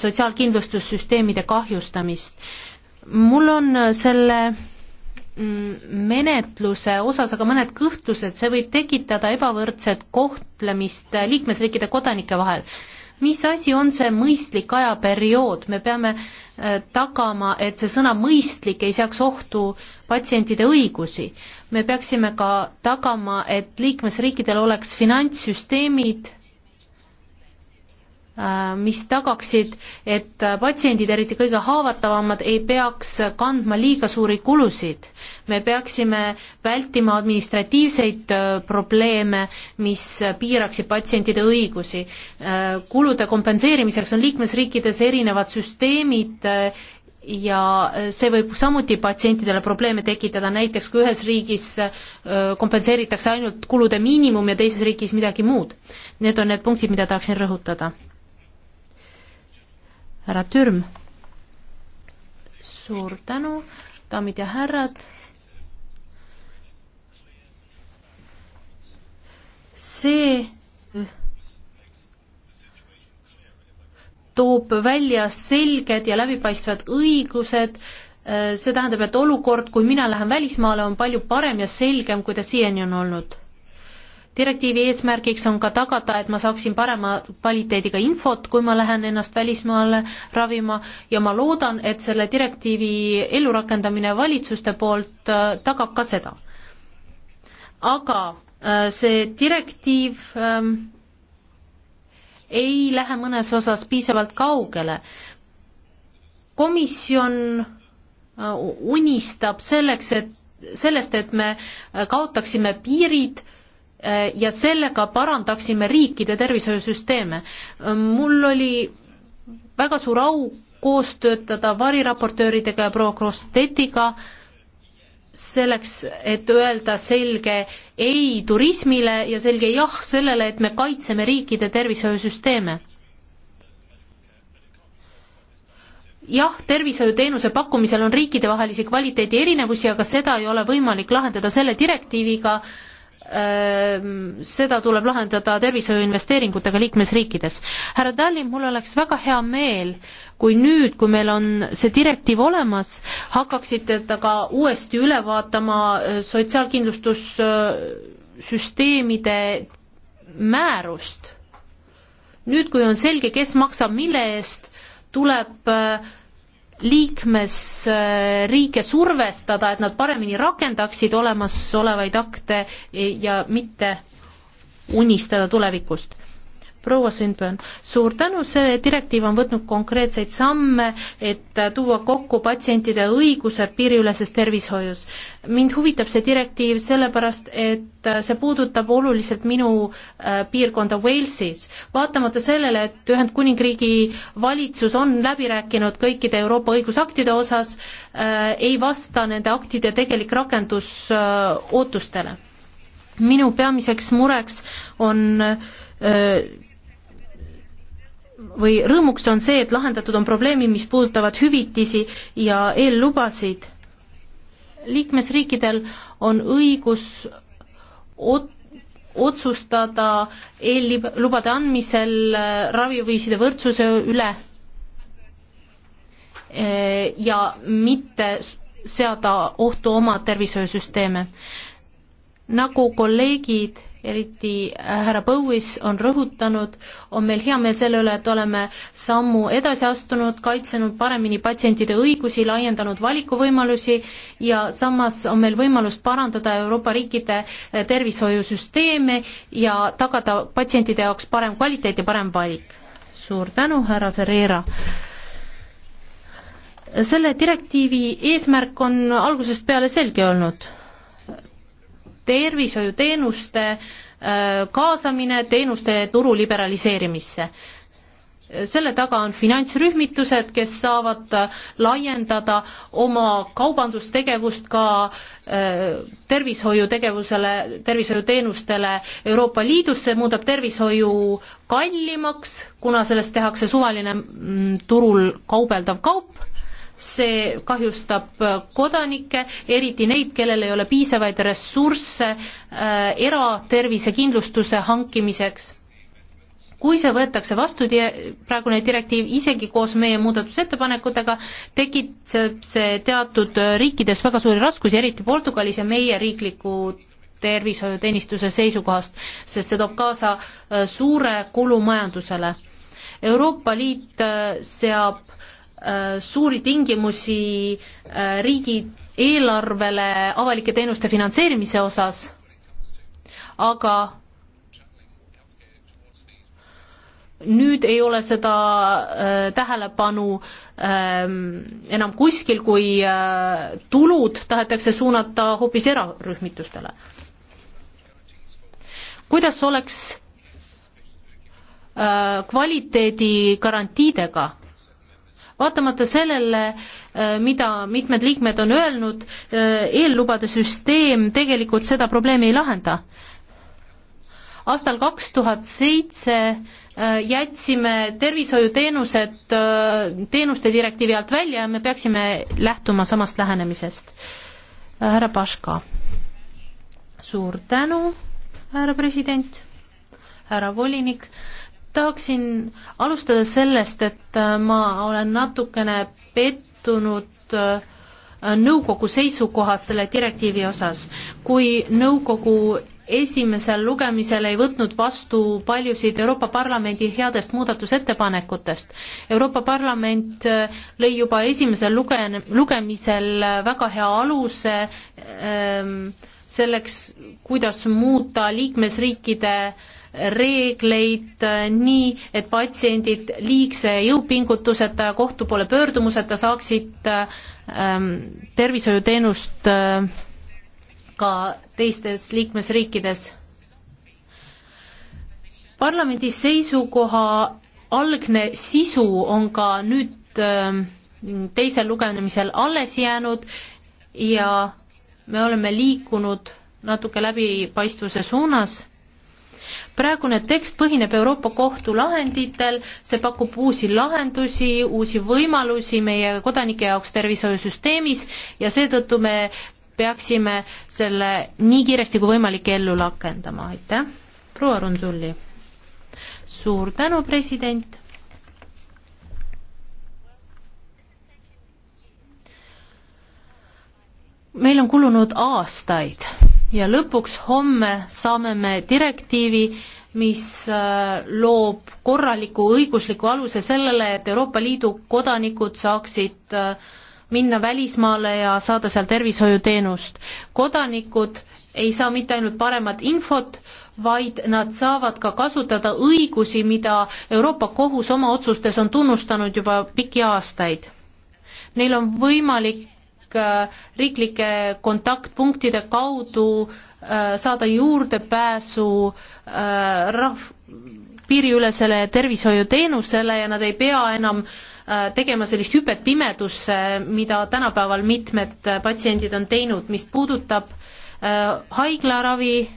sotsiaalkindlustussüsteemide kahjustamist. mul on selle Mm, menetluse osas aga mõned kõhtlused, see võib tekitada ebavõrdset kohtlemist liikmesriikide kodanike vahel. mis asi on see mõistlik ajaperiood, me peame äh, tagama, et see sõna mõistlik ei seaks ohtu patsientide õigusi. me peaksime ka tagama, et liikmesriikidel oleks finantssüsteemid, Äh, mis tagaksid, et patsiendid, eriti kõige haavatavamad, ei peaks kandma liiga suuri kulusid. me peaksime vältima administratiivseid äh, probleeme, mis piiraksid patsientide õigusi. Äh, kulude kompenseerimiseks on liikmesriikides erinevad süsteemid ja see võib samuti patsientidele probleeme tekitada, näiteks kui ühes riigis kompenseeritakse ainult kulude miinimum ja teises riigis midagi muud. Need on need punktid, mida tahaksin rõhutada härra Türm. suur tänu, daamid ja härrad. see eh, toob välja selged ja läbipaistvad õigused, eh, see tähendab, et olukord, kui mina lähen välismaale, on palju parem ja selgem, kui ta siiani on olnud direktiivi eesmärgiks on ka tagada, et ma saaksin parema kvaliteediga infot, kui ma lähen ennast välismaale ravima ja ma loodan, et selle direktiivi ellurakendamine valitsuste poolt äh, tagab ka seda. aga äh, see direktiiv ähm, ei lähe mõnes osas piisavalt kaugele. komisjon äh, unistab selleks, et sellest, et me kaotaksime piirid äh, Äh, ja sellega parandaksime riikide tervishoiusüsteeme. Äh, mul oli väga suur au koos töötada variraportööridega ja proua Krostetiga selleks, et öelda selge ei turismile ja selge jah sellele, et me kaitseme riikide tervishoiusüsteeme. jah, tervishoiuteenuse pakkumisel on riikidevahelisi kvaliteedi erinevusi, aga seda ei ole võimalik lahendada selle direktiiviga äh,, Ehm, seda tuleb lahendada tervishoiuinvesteeringutega liikmesriikides. härra Tallinn, mul oleks väga hea meel, kui nüüd, kui meil on see direktiiv olemas, hakkaksite ta ka uuesti üle vaatama eh, sotsiaalkindlustussüsteemide määrust. nüüd, kui on selge, kes maksab mille eest, tuleb äh, liikmesriike survestada, et nad paremini rakendaksid olemasolevaid akte ja mitte unistada tulevikust proua Sündbön, suur tänu, see direktiiv on võtnud konkreetseid samme, et äh, tuua kokku patsientide õigused piiriüleses tervishoius. mind huvitab see direktiiv sellepärast, et äh, see puudutab oluliselt minu äh, piirkonda Walesis. vaatamata sellele, et Ühendkuningriigi valitsus on läbi rääkinud kõikide Euroopa õigusaktide osas, ei vasta nende aktide tegelik rakendus ootustele minu peamiseks mureks on öö, või rõõmuks on see, et lahendatud on probleemid, mis puudutavad hüvitisi ja eellubasid. liikmesriikidel on õigus ot-, otsustada eellubade andmisel raviviiside võrdsuse üle eh, ja mitte seada ohtu oma tervishoiusüsteeme. nagu kolleegid eriti äh, härra Põuis on rõhutanud, on meil hea meel selle üle, et oleme sammu edasi astunud, kaitsenud paremini patsientide õigusi, laiendanud valikuvõimalusi ja samas on meil võimalus parandada Euroopa riikide äh, tervishoiusüsteeme ja tagada patsientide jaoks parem kvaliteet ja parem valik. suur tänu, härra Ferreira! selle direktiivi eesmärk on algusest peale selge olnud tervishoiuteenuste äh, kaasamine teenuste turu liberaliseerimisse. selle taga on finantsrühmitused, kes saavad laiendada oma kaubandustegevust ka äh, tervishoiutegevusele, tervishoiuteenustele Euroopa Liidus, see muudab tervishoiu kallimaks, kuna sellest tehakse suvaline mm, turul kaubeldav kaup see kahjustab kodanikke, eriti neid, kellel ei ole piisavaid ressursse äh, eratervisekindlustuse hankimiseks. kui see võetakse vastu, praegune direktiiv, isegi koos meie muudatusettepanekutega, tekitab see teatud riikides väga suuri raskusi, eriti Portugalis ja meie riikliku tervishoiuteenistuse seisukohast, sest see toob kaasa äh, suure kulu majandusele. Euroopa Liit äh, seab Äh, suuri tingimusi äh, riigi eelarvele avalike teenuste finantseerimise osas, aga nüüd ei ole seda äh, tähelepanu ähm, enam kuskil, kui äh, tulud tahetakse suunata hoopis erarühmitustele. kuidas oleks äh, kvaliteedi garantiidega? vaatamata sellele, äh, mida mitmed liikmed on öelnud, äh, eellubade süsteem tegelikult seda probleemi ei lahenda. aastal kaks tuhat seitse äh, jätsime tervishoiuteenused teenuste direktiivi alt välja ja me peaksime lähtuma samast lähenemisest. härra Paška. suur tänu, härra president, härra volinik tahaksin alustada sellest, et äh, ma olen natukene pettunud äh, nõukogu seisukohast selle direktiivi osas. kui nõukogu esimesel lugemisel ei võtnud vastu paljusid Euroopa Parlamendi headest muudatusettepanekutest. Euroopa Parlament äh, lõi juba esimesel luge-, lugemisel väga hea aluse ähm, selleks, kuidas muuta liikmesriikide äh, reegleid äh, nii, et patsiendid liigse jõupingutuseta ja kohtu poole pöördumuseta saaksid äh, ähm, tervishoiuteenust äh, ka teistes liikmesriikides. parlamendi seisukoha algne sisu on ka nüüd äh, teisel lugenemisel alles jäänud ja me oleme liikunud natuke läbipaistvuse suunas praegune tekst põhineb Euroopa Kohtu lahenditel, see pakub uusi lahendusi, uusi võimalusi meie kodanike jaoks tervishoiusüsteemis ja seetõttu me peaksime selle nii kiiresti kui võimalik ellu rakendama, aitäh. proua Runsulli. suur tänu, president. meil on kulunud aastaid ja lõpuks homme saame me direktiivi, mis äh, loob korraliku õigusliku aluse sellele, et Euroopa Liidu kodanikud saaksid äh, minna välismaale ja saada seal tervishoiuteenust. kodanikud ei saa mitte ainult paremat infot, vaid nad saavad ka kasutada õigusi, mida Euroopa Kohus oma otsustes on tunnustanud juba pikki aastaid. Neil on võimalik Äh, riiklike kontaktpunktide kaudu äh, saada juurdepääsu äh, rahv-, piiriülesele tervishoiuteenusele ja nad ei pea enam tegema sellist hüpet pimedusse, mida tänapäeval mitmed patsiendid on teinud, mis puudutab haiglaravi,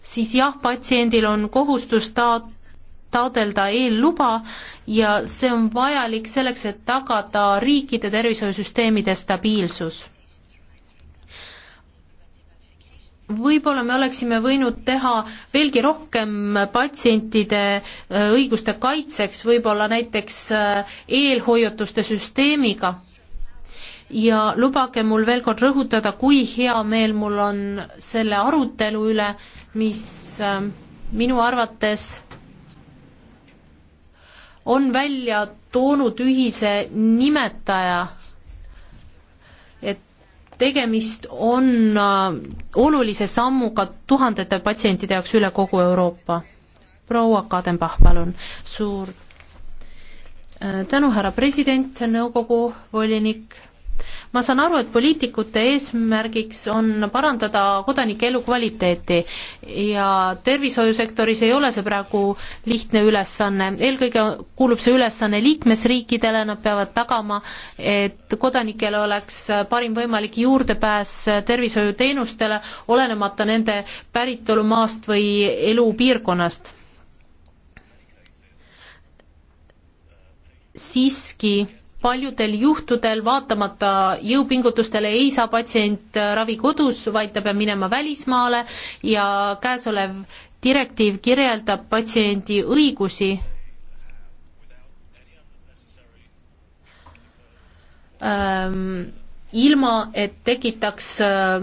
siis jah, patsiendil on kohustus taot-, taotleda eelluba ja see on vajalik selleks, et tagada riikide tervishoiusüsteemide stabiilsus. võib-olla me oleksime võinud teha veelgi rohkem patsientide äh, õiguste kaitseks, võib-olla näiteks äh, eelhoiatuste süsteemiga ja lubage mul veel kord rõhutada, kui hea meel mul on selle arutelu üle, mis äh, minu arvates on välja toonud ühise nimetaja, et tegemist on äh, olulise sammuga tuhandete patsientide jaoks üle kogu Euroopa. proua Kadenbach, palun, suur äh, tänu, härra president, nõukogu volinik ma saan aru, et poliitikute eesmärgiks on parandada kodanike elukvaliteeti ja tervishoiusektoris ei ole see praegu lihtne ülesanne, eelkõige kuulub see ülesanne liikmesriikidele, nad peavad tagama, et kodanikel oleks parim võimalik juurdepääs tervishoiuteenustele, olenemata nende päritolumaast või elupiirkonnast. siiski paljudel juhtudel vaatamata jõupingutustele ei saa patsient ravi kodus, vaid ta peab minema välismaale ja käesolev direktiiv kirjeldab patsiendi õigusi ähm, ilma, et tekitaks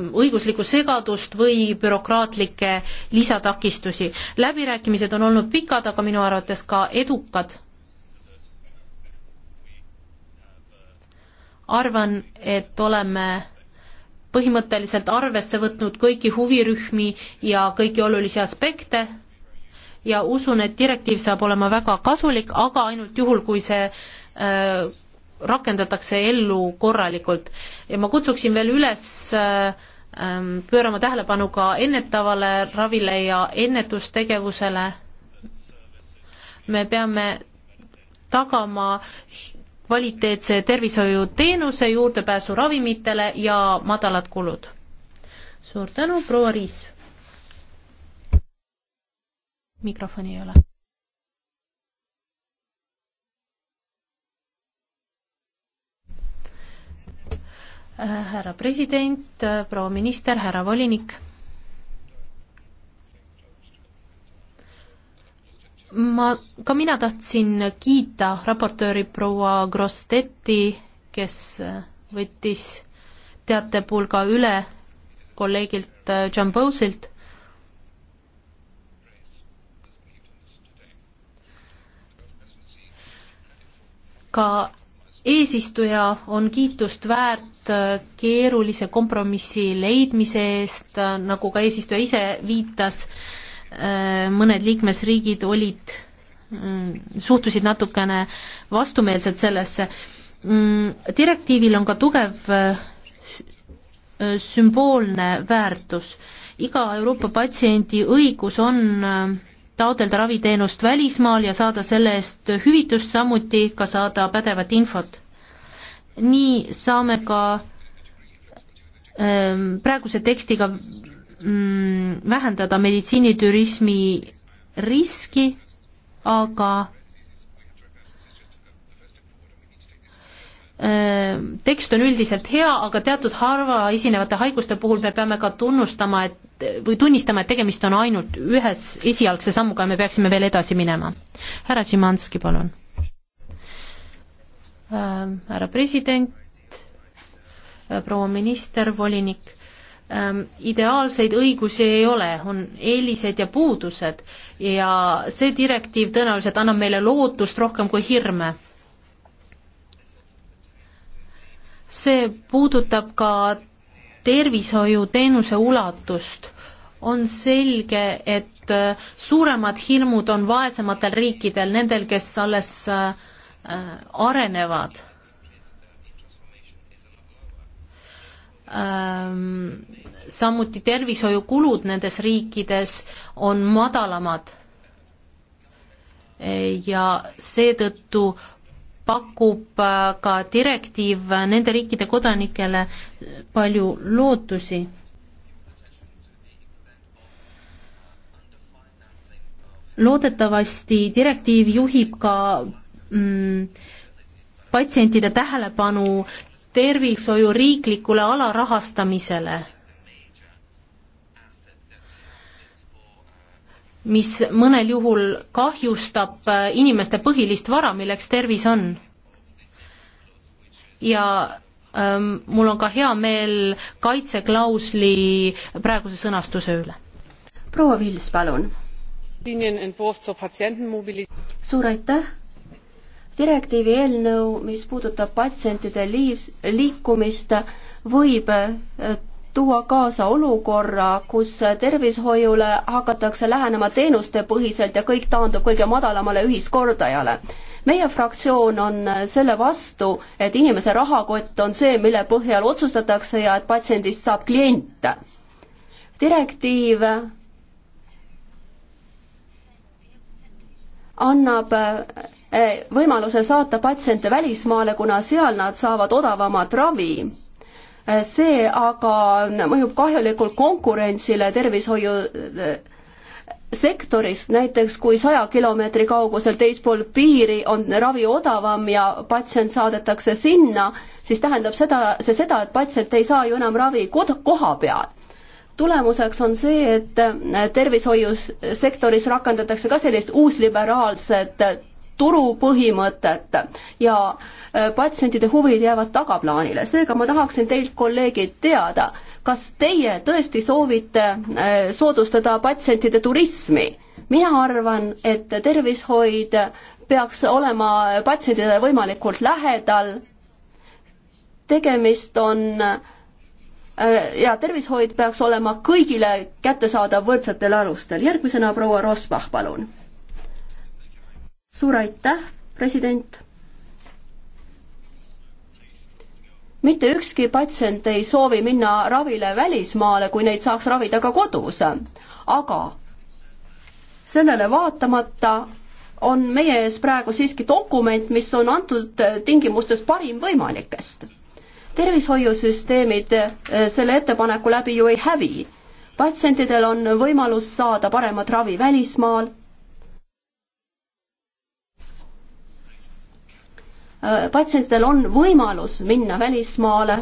õiguslikku segadust või bürokraatlikke lisatakistusi. läbirääkimised on olnud pikad, aga minu arvates ka edukad arvan, et oleme põhimõtteliselt arvesse võtnud kõiki huvirühmi ja kõiki olulisi aspekte ja usun, et direktiiv saab olema väga kasulik, aga ainult juhul, kui see äh, rakendatakse ellu korralikult. ja ma kutsuksin veel üles äh, ähm, pöörama tähelepanu ka ennetavale ravile ja ennetustegevusele. me peame tagama kvaliteetse tervishoiuteenuse, juurdepääsu ravimitele ja madalad kulud. suur tänu, proua Riis. mikrofoni ei ole. Äh, härra president, äh, proua minister, härra volinik ma, ka mina tahtsin kiita raportööri proua Grostetti, kes võttis teatepulga üle kolleegilt äh, John Bowesilt. ka eesistuja on kiitust väärt äh, keerulise kompromissi leidmise eest, äh, nagu ka eesistuja ise viitas äh,, Äh, mõned liikmesriigid olid, mm, suhtusid natukene vastumeelselt sellesse. Mm, direktiivil on ka tugev äh, sümboolne väärtus. iga Euroopa patsiendi õigus on äh, taotleda raviteenust välismaal ja saada selle eest hüvitust, samuti ka saada pädevat infot. nii saame ka praeguse tekstiga mm, vähendada meditsiiniturismi riski, aga äh, tekst on üldiselt hea, aga teatud harva esinevate haiguste puhul me peame ka tunnustama, et või tunnistama, et tegemist on ainult ühes esialgse sammuga ja me peaksime veel edasi minema. härra Tšimanski, palun. Äh, härra president, äh, proua minister, volinik ähm, ideaalseid õigusi ei ole, on eelised ja puudused ja see direktiiv tõenäoliselt annab meile lootust rohkem kui hirme. see puudutab ka tervishoiuteenuse ulatust. on selge, et äh, suuremad hirmud on vaesematel riikidel, nendel, kes alles äh, äh, arenevad Ehm, samuti tervishoiukulud nendes riikides on madalamad e, ja seetõttu pakub äh, ka direktiiv äh, nende riikide kodanikele palju lootusi. loodetavasti direktiiv juhib ka mm, patsientide tähelepanu tervishoiu riiklikule alarahastamisele, mis mõnel juhul kahjustab äh, inimeste põhilist vara, milleks tervis on. ja ähm, mul on ka hea meel kaitseklausli praeguse sõnastuse üle. proua Vils, palun. suur aitäh direktiivi eelnõu, mis puudutab patsientide liiv, liikumist, võib äh, tuua kaasa olukorra, kus tervishoiule hakatakse lähenema teenustepõhiselt ja kõik taandub kõige madalamale ühiskordajale. meie fraktsioon on selle vastu, et inimese rahakott on see, mille põhjal otsustatakse ja et patsiendist saab klient. direktiiv annab äh, Eh, võimaluse saata patsiente välismaale, kuna seal nad saavad odavamat ravi. Eh, see aga mõjub kahjulikult konkurentsile tervishoiu eh, sektoris, näiteks kui saja kilomeetri kaugusel teispool piiri on ravi odavam ja patsient saadetakse sinna, siis tähendab seda, see seda, et patsient ei saa ju enam ravi kod-, koha peal. tulemuseks on see, et tervishoiusektoris rakendatakse ka sellist uusliberaalset turu põhimõtet ja äh, patsientide huvid jäävad tagaplaanile. seega ma tahaksin teilt, kolleegid, teada, kas teie tõesti soovite äh, soodustada patsientide turismi? mina arvan, et tervishoid peaks olema patsiendile võimalikult lähedal. tegemist on äh, ja tervishoid peaks olema kõigile kättesaadav võrdsetel alustel. järgmisena proua Rosbach, palun suur aitäh, president. mitte ükski patsient ei soovi minna ravile välismaale, kui neid saaks ravida ka kodus. aga sellele vaatamata on meie ees praegu siiski dokument, mis on antud tingimustes parim võimalikest. tervishoiusüsteemid eh, selle ettepaneku läbi ju ei hävi. patsientidel on võimalus saada paremat ravi välismaal Äh, patsientidel on võimalus minna välismaale,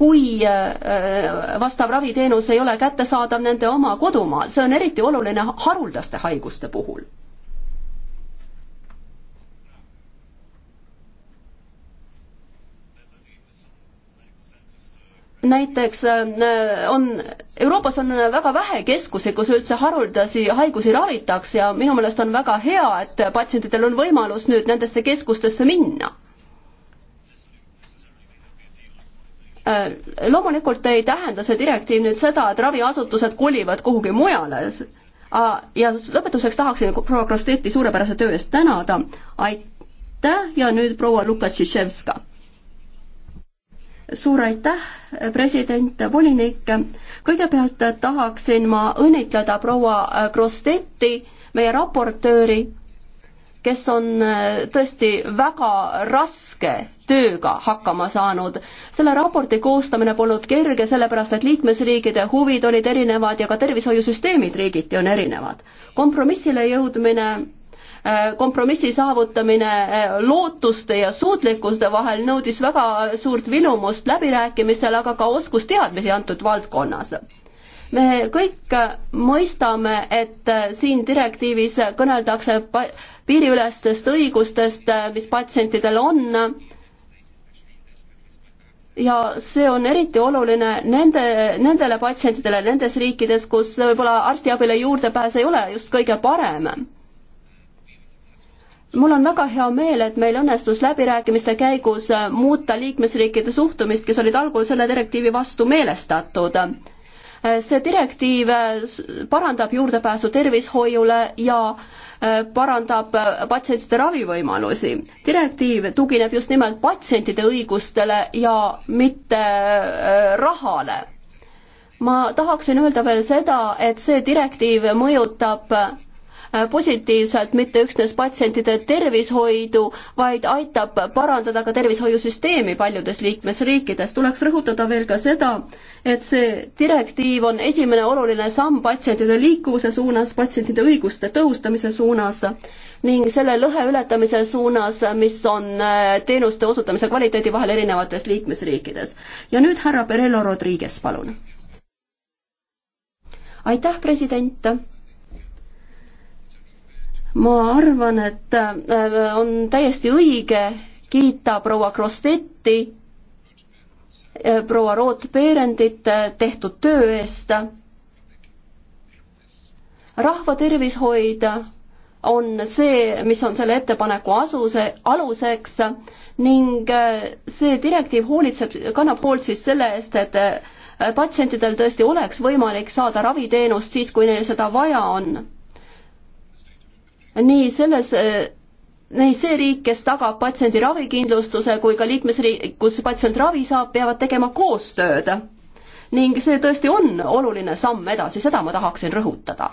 kui äh, äh, vastav raviteenus ei ole kättesaadav nende oma kodumaal, see on eriti oluline haruldaste haiguste puhul näiteks äh, on, Euroopas on väga vähe keskusi, kus üldse haruldasi haigusi ravitakse ja minu meelest on väga hea, et patsientidel on võimalus nüüd nendesse keskustesse minna. Äh, loomulikult ei tähenda see direktiiv nüüd seda, et raviasutused kolivad kuhugi mujale. ja lõpetuseks tahaksin proua Krosteti suurepärase töö eest tänada. aitäh ja nüüd proua Lukas Šiševska suur aitäh, president, volinik. kõigepealt tahaksin ma õnnitleda proua Grostetti, meie raportööri, kes on äh, tõesti väga raske tööga hakkama saanud. selle raporti koostamine polnud kerge, sellepärast et liikmesriikide huvid olid erinevad ja ka tervishoiusüsteemid riigiti on erinevad. kompromissile jõudmine Äh, kompromissi saavutamine äh, lootuste ja suutlikkuste vahel nõudis väga suurt vilumust läbirääkimistel, aga ka oskusteadmisi antud valdkonnas me kõik äh, mõistame, et siin direktiivis kõneldakse piiriülestest õigustest, mis patsientidel on. ja see on eriti oluline nende, nendele patsientidele nendes riikides, kus võib-olla arstiabile juurdepääs ei ole just kõige parem mul on väga hea meel, et meil õnnestus läbirääkimiste käigus äh, muuta liikmesriikide suhtumist, kes olid algul selle direktiivi vastu meelestatud. Äh, see direktiiv äh, parandab juurdepääsu tervishoiule ja parandab patsientide ravivõimalusi. direktiiv tugineb just nimelt patsientide õigustele ja mitte rahale. ma tahaksin öelda veel seda, et see direktiiv mõjutab Äh, positiivselt mitte üksnes patsientide tervishoidu, vaid aitab parandada ka tervishoiusüsteemi paljudes liikmesriikides. tuleks rõhutada veel ka seda, et see direktiiv on esimene oluline samm patsientide liikuvuse suunas, patsientide õiguste tõhustamise suunas ning selle lõhe ületamise suunas, mis on äh, teenuste osutamise kvaliteedi vahel erinevates liikmesriikides. ja nüüd härra Perello Rodriguez, palun. aitäh, president ma arvan, et äh, on täiesti õige kiita proua Krostetti, äh, proua Rootberendit äh, tehtud töö eest. rahvatervishoid on see, mis on selle ettepaneku asuse, aluseks ning see direktiiv hoolitseb, kannab hoolt siis selle eest, et patsientidel tõesti oleks võimalik saada raviteenust siis, kui neil seda vaja on nii selles eh, nii see riik, kes tagab patsiendi ravikindlustuse kui ka liikmesriik, kus patsient ravi saab, peavad tegema koostööd. ning see tõesti on oluline samm edasi, seda ma tahaksin rõhutada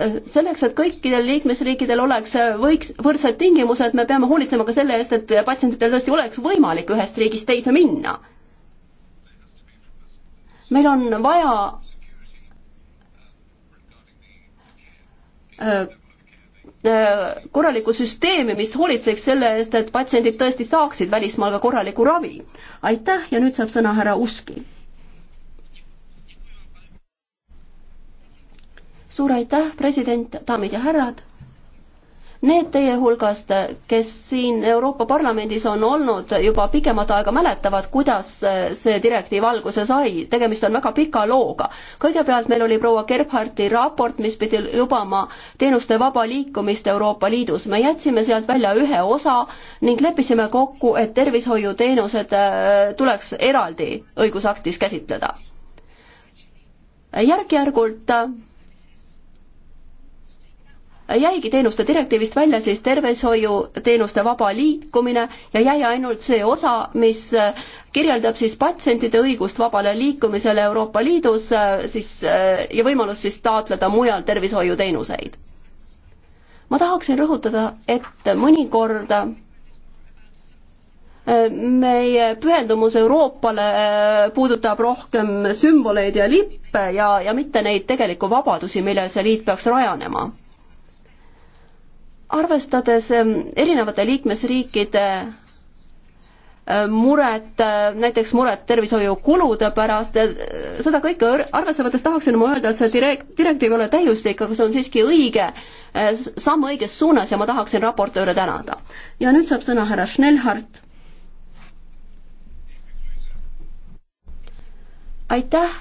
eh, selleks, et kõikidel liikmesriikidel oleks eh, võiks, võrdsed tingimused, me peame hoolitsema ka selle eest, et patsientidel tõesti oleks võimalik ühest riigist teise minna. meil on vaja Äh, äh, korralikku süsteemi, mis hoolitseks selle eest, et patsiendid tõesti saaksid välismaal ka korralikku ravi. aitäh ja nüüd saab sõna härra Uski. suur aitäh, president, daamid ja härrad. Need teie hulgast, kes siin Euroopa Parlamendis on olnud juba pikemat aega, mäletavad, kuidas see direktiiv alguse sai. tegemist on väga pika looga. kõigepealt meil oli proua Gerhardti raport, mis pidi lubama teenuste vaba liikumist Euroopa Liidus. me jätsime sealt välja ühe osa ning leppisime kokku, et tervishoiuteenused äh, tuleks eraldi õigusaktis käsitleda. järk-järgult äh, jäigi teenuste direktiivist välja siis tervishoiuteenuste vaba liikumine ja jäi ainult see osa, mis äh, kirjeldab siis patsientide õigust vabale liikumisele Euroopa Liidus äh, siis äh, ja võimalust siis taotleda mujal tervishoiuteenuseid. ma tahaksin rõhutada, et mõnikord meie pühendumus Euroopale puudutab rohkem sümboleid ja lippe ja, ja mitte neid tegelikku vabadusi, millel see liit peaks rajanema arvestades ähm, erinevate liikmesriikide äh, muret, äh, näiteks muret tervishoiukulude pärast, äh, seda kõike arvesse võttes tahaksin ma öelda, et see direkt-, direktiiv ei ole täiuslik, aga see on siiski õige samm õiges suunas ja ma tahaksin raportööre tänada. ja nüüd saab sõna härra Schnellhardt. aitäh,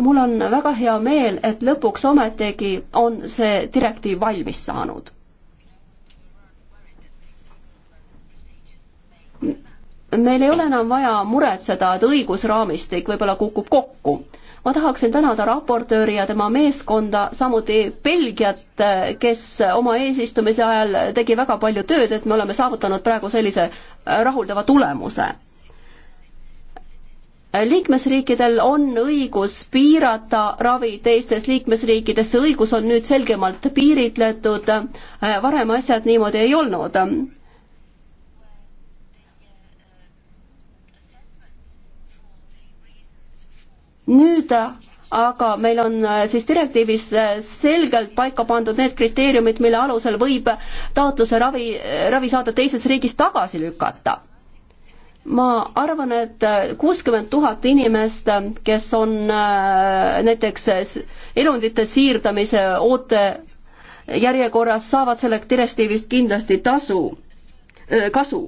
mul on väga hea meel, et lõpuks ometigi on see direktiiv valmis saanud meil ei ole enam vaja muretseda, et õigusraamistik võib-olla kukub kokku. ma tahaksin tänada raportööri ja tema meeskonda, samuti Belgiat, kes oma eesistumise ajal tegi väga palju tööd, et me oleme saavutanud praegu sellise äh, rahuldava tulemuse liikmesriikidel on õigus piirata ravi teistes liikmesriikides, see õigus on nüüd selgemalt piiritletud, äh, varem asjad niimoodi ei olnud nüüd aga meil on äh, siis direktiivis äh, selgelt paika pandud need kriteeriumid, mille alusel võib taotluse ravi, äh, ravi saada teises riigis tagasi lükata. ma arvan, et kuuskümmend tuhat inimest, kes on näiteks elundite siirdamise ootejärjekorras, saavad sellest direktiivist kindlasti tasu, kasu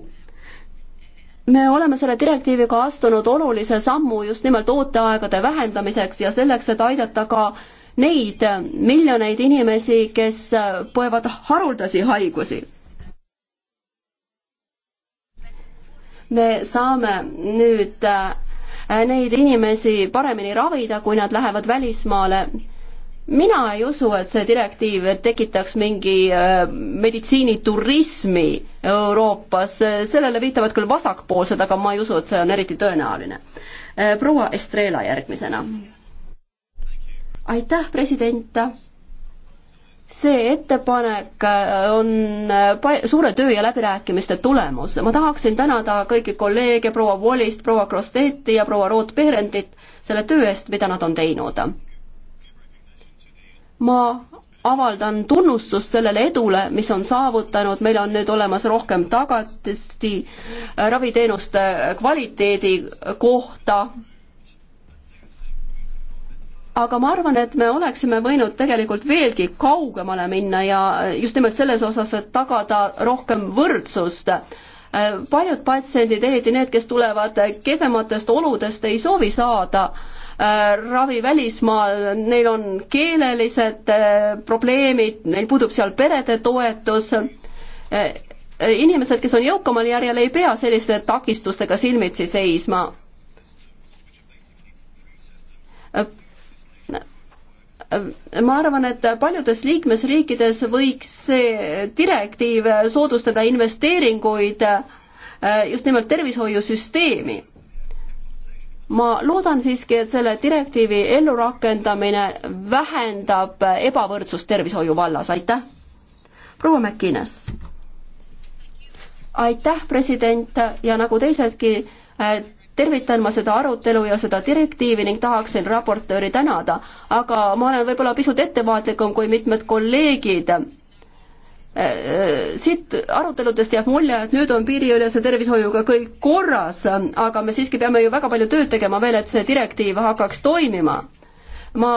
me oleme selle direktiiviga astunud olulise sammu just nimelt ooteaegade vähendamiseks ja selleks, et aidata ka neid miljoneid inimesi, kes põevad haruldasi haigusi. me saame nüüd äh, neid inimesi paremini ravida, kui nad lähevad välismaale mina ei usu, et see direktiiv tekitaks mingi äh, meditsiiniturismi Euroopas, sellele viitavad küll vasakpoolsed, aga ma ei usu, et see on eriti tõenäoline. Äh, proua Estrela järgmisena. aitäh, president. see ettepanek äh, on suure töö ja läbirääkimiste tulemus. ma tahaksin tänada kõiki kolleege, proua Wallist, proua Krostetti ja proua Roth-Berendit selle töö eest, mida nad on teinud ma avaldan tunnustust sellele edule, mis on saavutanud, meil on nüüd olemas rohkem tagatisti äh, raviteenuste kvaliteedi kohta. aga ma arvan, et me oleksime võinud tegelikult veelgi kaugemale minna ja just nimelt selles osas, et tagada rohkem võrdsust paljud patsiendid, eriti need, kes tulevad kehvematest oludest, ei soovi saada äh, ravi välismaal, neil on keelelised äh, probleemid, neil puudub seal perede toetus, äh, inimesed, kes on jõukamal järjel, ei pea selliste takistustega silmitsi seisma ma arvan, et paljudes liikmesriikides võiks see direktiiv soodustada investeeringuid äh, just nimelt tervishoiusüsteemi. ma loodan siiski, et selle direktiivi ellurakendamine vähendab ebavõrdsust tervishoiu vallas, aitäh. proua Mäkkines. aitäh, president ja nagu teisedki, äh, tervitan ma seda arutelu ja seda direktiivi ning tahaksin raportööri tänada, aga ma olen võib-olla pisut ettevaatlikum kui mitmed kolleegid. Äh, äh, siit aruteludest jääb mulje, et nüüd on piiriülese tervishoiuga kõik korras, aga me siiski peame ju väga palju tööd tegema veel, et see direktiiv hakkaks toimima ma,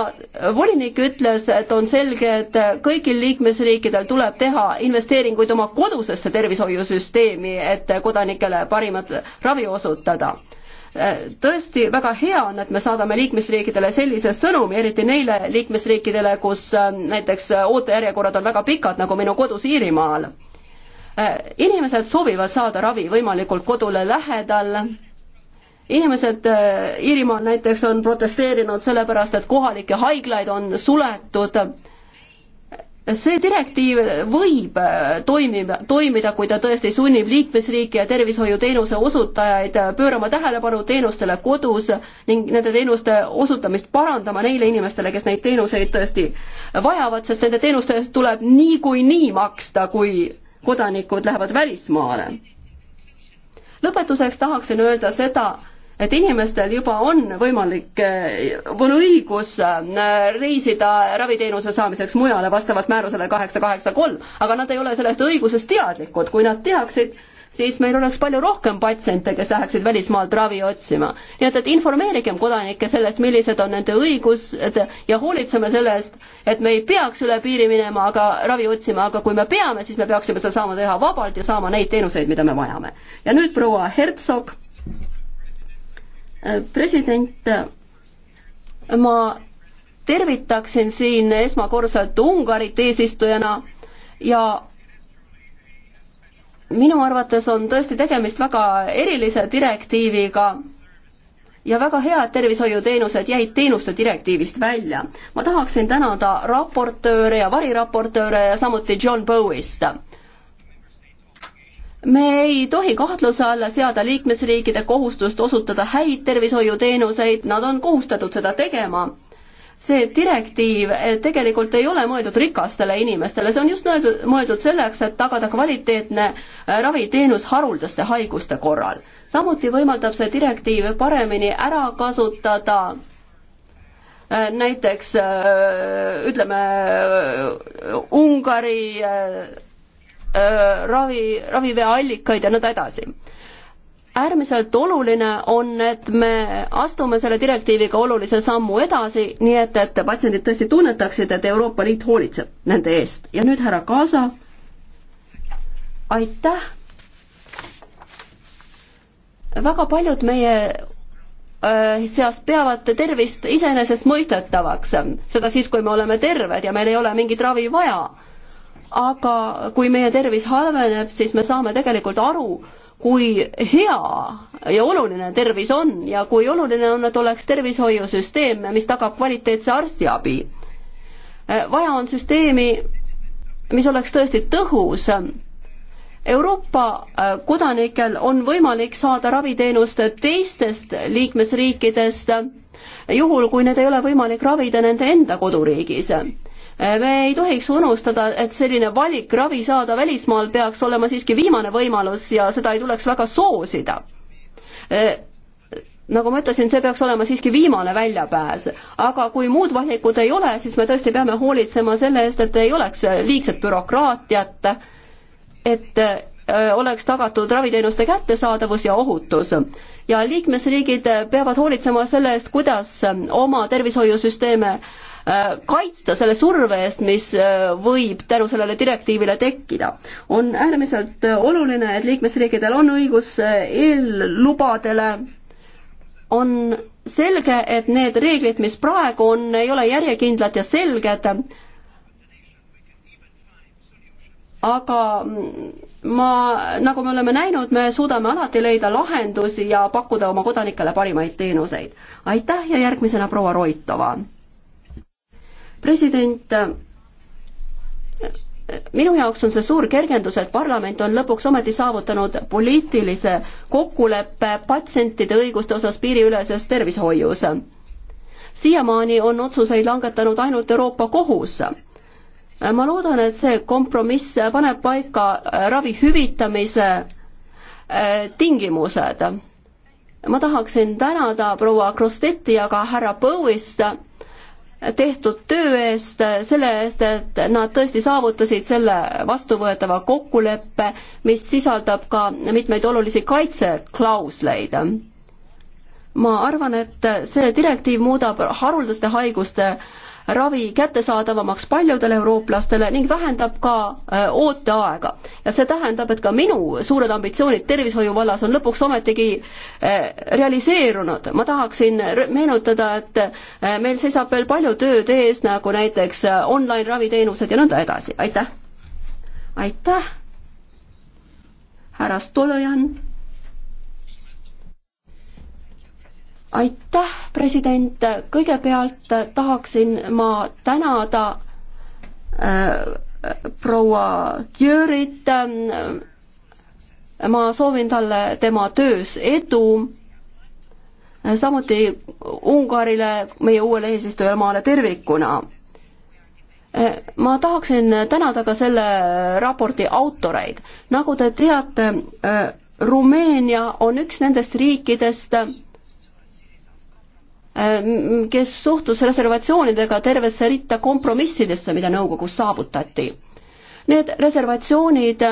volinik ütles, et on selge, et kõigil liikmesriikidel tuleb teha investeeringuid oma kodusesse tervishoiusüsteemi, et kodanikele parimat ravi osutada. Äh, tõesti väga hea on, et me saadame liikmesriikidele sellise sõnumi, eriti neile liikmesriikidele, kus äh, näiteks äh, ootejärjekorrad on väga pikad, nagu minu kodus Iirimaal. inimesed soovivad saada ravi võimalikult kodule lähedal inimesed Iirimaal näiteks on protesteerinud sellepärast, et kohalikke haiglaid on suletud see direktiiv võib äh, toimib, toimida, kui ta tõesti sunnib liikmesriike ja tervishoiuteenuse osutajaid äh, pöörama tähelepanu teenustele kodus ning nende teenuste osutamist parandama neile inimestele, kes neid teenuseid tõesti vajavad, sest nende teenuste eest tuleb niikuinii nii maksta, kui kodanikud lähevad välismaale. lõpetuseks tahaksin öelda seda, et inimestel juba on võimalik, eh, on õigus eh, reisida raviteenuse saamiseks mujale vastavalt määrusele kaheksa, kaheksa, kolm, aga nad ei ole sellest õigusest teadlikud, kui nad teaksid, siis meil oleks palju rohkem patsiente, kes läheksid välismaalt ravi otsima. nii et, et informeerigem kodanikke sellest, millised on nende õigused ja hoolitseme selle eest, et me ei peaks üle piiri minema, aga ravi otsima, aga kui me peame, siis me peaksime seda saama teha vabalt ja saama neid teenuseid, mida me vajame. ja nüüd proua Hertsog Äh, president, äh, ma tervitaksin siin esmakordselt Ungarit eesistujana ja minu arvates on tõesti tegemist väga erilise direktiiviga ja väga hea, et tervishoiuteenused jäid teenuste direktiivist välja. ma tahaksin tänada raportööre ja variraportööre ja samuti John Bowist me ei tohi kahtluse alla seada liikmesriikide kohustust osutada häid tervishoiuteenuseid, nad on kohustatud seda tegema. see direktiiv eh, tegelikult ei ole mõeldud rikastele inimestele, see on just mõeldud, mõeldud selleks, et tagada kvaliteetne eh, raviteenus haruldaste haiguste korral. samuti võimaldab see direktiiv paremini ära kasutada eh, näiteks ütleme Ungari Äh, ravi, raviveeallikaid ja nõnda edasi äärmiselt oluline on, et me astume selle direktiiviga olulise sammu edasi, nii et, et patsiendid tõesti tunnetaksid, et Euroopa Liit hoolitseb nende eest. ja nüüd härra Kaasa, aitäh! väga paljud meie äh, seast peavad tervist iseenesestmõistetavaks, seda siis, kui me oleme terved ja meil ei ole mingit ravi vaja aga kui meie tervis halveneb, siis me saame tegelikult aru, kui hea ja oluline tervis on ja kui oluline on, et oleks tervishoiusüsteem, mis tagab kvaliteetse arstiabi. vaja on süsteemi, mis oleks tõesti tõhus. Euroopa äh, kodanikel on võimalik saada raviteenust teistest liikmesriikidest, juhul kui need ei ole võimalik ravida nende enda koduriigis me ei tohiks unustada, et selline valik ravi saada välismaal peaks olema siiski viimane võimalus ja seda ei tuleks väga soosida e, nagu ma ütlesin, see peaks olema siiski viimane väljapääs, aga kui muud valikud ei ole, siis me tõesti peame hoolitsema selle eest, et ei oleks liigset bürokraatiat, et e, oleks tagatud raviteenuste kättesaadavus ja ohutus. ja liikmesriigid peavad hoolitsema selle eest, kuidas oma tervishoiusüsteeme Äh, kaitsta selle surve eest, mis äh, võib tänu sellele direktiivile tekkida. on äärmiselt äh, oluline, et liikmesriikidel on õigus eellubadele, on selge, et need reeglid, mis praegu on, ei ole järjekindlad ja selged, aga mm, ma, nagu me oleme näinud, me suudame alati leida lahendusi ja pakkuda oma kodanikele parimaid teenuseid. aitäh ja järgmisena proua Roitova president, minu jaoks on see suur kergendus, et parlament on lõpuks ometi saavutanud poliitilise kokkuleppe patsientide õiguste osas piiriüleses tervishoius. siiamaani on otsuseid langetanud ainult Euroopa Kohus ma loodan, et see kompromiss paneb paika ravi hüvitamise äh, tingimused. ma tahaksin tänada proua Krostetti ja ka härra Põuist tehtud töö eest, selle eest, et nad tõesti saavutasid selle vastuvõetava kokkuleppe, mis sisaldab ka mitmeid olulisi kaitseklausleid. ma arvan, et see direktiiv muudab haruldaste haiguste ravi kättesaadavamaks paljudele eurooplastele ning vähendab ka äh, ooteaega. ja see tähendab, et ka minu suured ambitsioonid tervishoiu vallas on lõpuks ometigi äh, realiseerunud. ma tahaksin meenutada, et äh, meil seisab veel palju tööd ees, nagu näiteks online raviteenused ja nõnda edasi, aitäh! aitäh! härra Stolojan aitäh, president, kõigepealt tahaksin ma tänada äh, proua Jürit äh,. ma soovin talle tema töös edu. samuti Ungarile, meie uuele eesistujamaale tervikuna ma tahaksin tänada ka selle raporti autoreid. nagu te teate, äh, Rumeenia on üks nendest riikidest, Äh, kes suhtus reservatsioonidega tervesse ritta kompromissidesse, mida nõukogus saavutati. Need reservatsioonid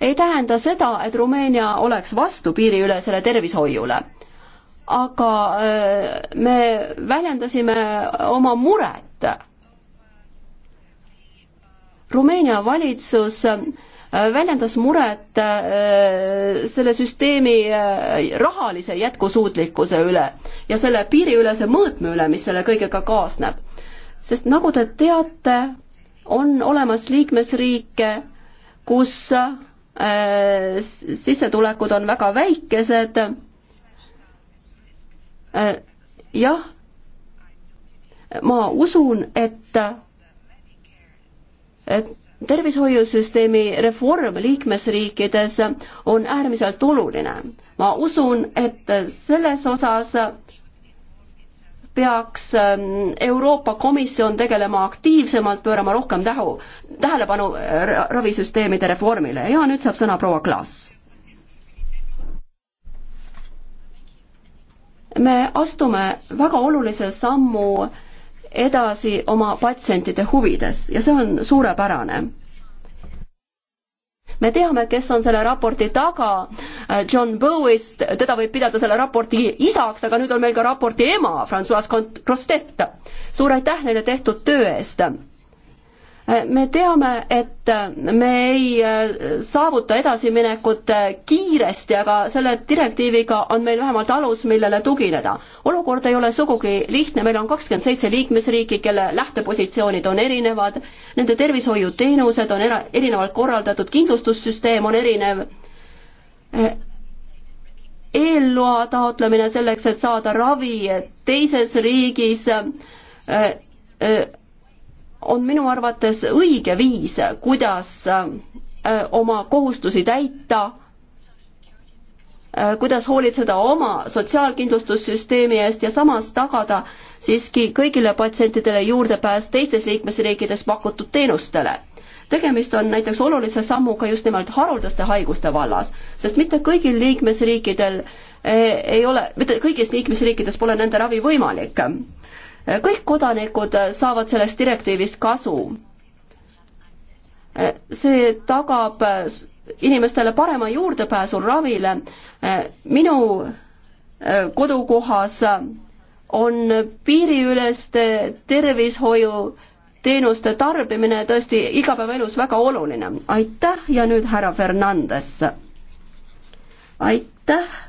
ei tähenda seda, et Rumeenia oleks vastu piiriülesele tervishoiule. aga äh, me väljendasime oma muret. Rumeenia valitsus väljendas muret äh, selle süsteemi äh, rahalise jätkusuutlikkuse üle ja selle piiriülese mõõtme üle, mis selle kõigega kaasneb. sest nagu te teate, on olemas liikmesriike, kus äh, sissetulekud on väga väikesed. jah, ma usun, et, et tervishoiusüsteemi reform liikmesriikides on äärmiselt oluline. ma usun, et selles osas peaks ähm, Euroopa Komisjon tegelema aktiivsemalt, pöörama rohkem tähu, tähelepanu äh, ravisüsteemide reformile ja nüüd saab sõna proua Klaas. me astume väga olulise sammu edasi oma patsientide huvides ja see on suurepärane me teame, kes on selle raporti taga, äh, John Bowist, teda võib pidada selle raporti isaks, aga nüüd on meil ka raporti ema, Francois Grostet. suur aitäh neile tehtud töö eest me teame, et me ei äh, saavuta edasiminekut äh, kiiresti, aga selle direktiiviga on meil vähemalt alus, millele tugineda. olukord ei ole sugugi lihtne, meil on kakskümmend seitse liikmesriiki, kelle lähtepositsioonid on erinevad, nende tervishoiuteenused on era-, erinevalt korraldatud, kindlustussüsteem on erinev, äh, eelloa taotlemine selleks, et saada ravi teises riigis, on minu arvates õige viis, kuidas äh, oma kohustusi täita, äh, kuidas hoolitseda oma sotsiaalkindlustussüsteemi eest ja samas tagada siiski kõigile patsientidele juurdepääs teistes liikmesriikides pakutud teenustele. tegemist on näiteks olulise sammuga just nimelt haruldaste haiguste vallas, sest mitte kõigil liikmesriikidel äh, ei ole, mitte kõigis liikmesriikides pole nende ravi võimalik kõik kodanikud saavad sellest direktiivist kasu. see tagab inimestele parema juurdepääsu ravile. minu kodukohas on piiriüleste tervishoiu teenuste tarbimine tõesti igapäevaelus väga oluline. aitäh ja nüüd härra Fernandes. aitäh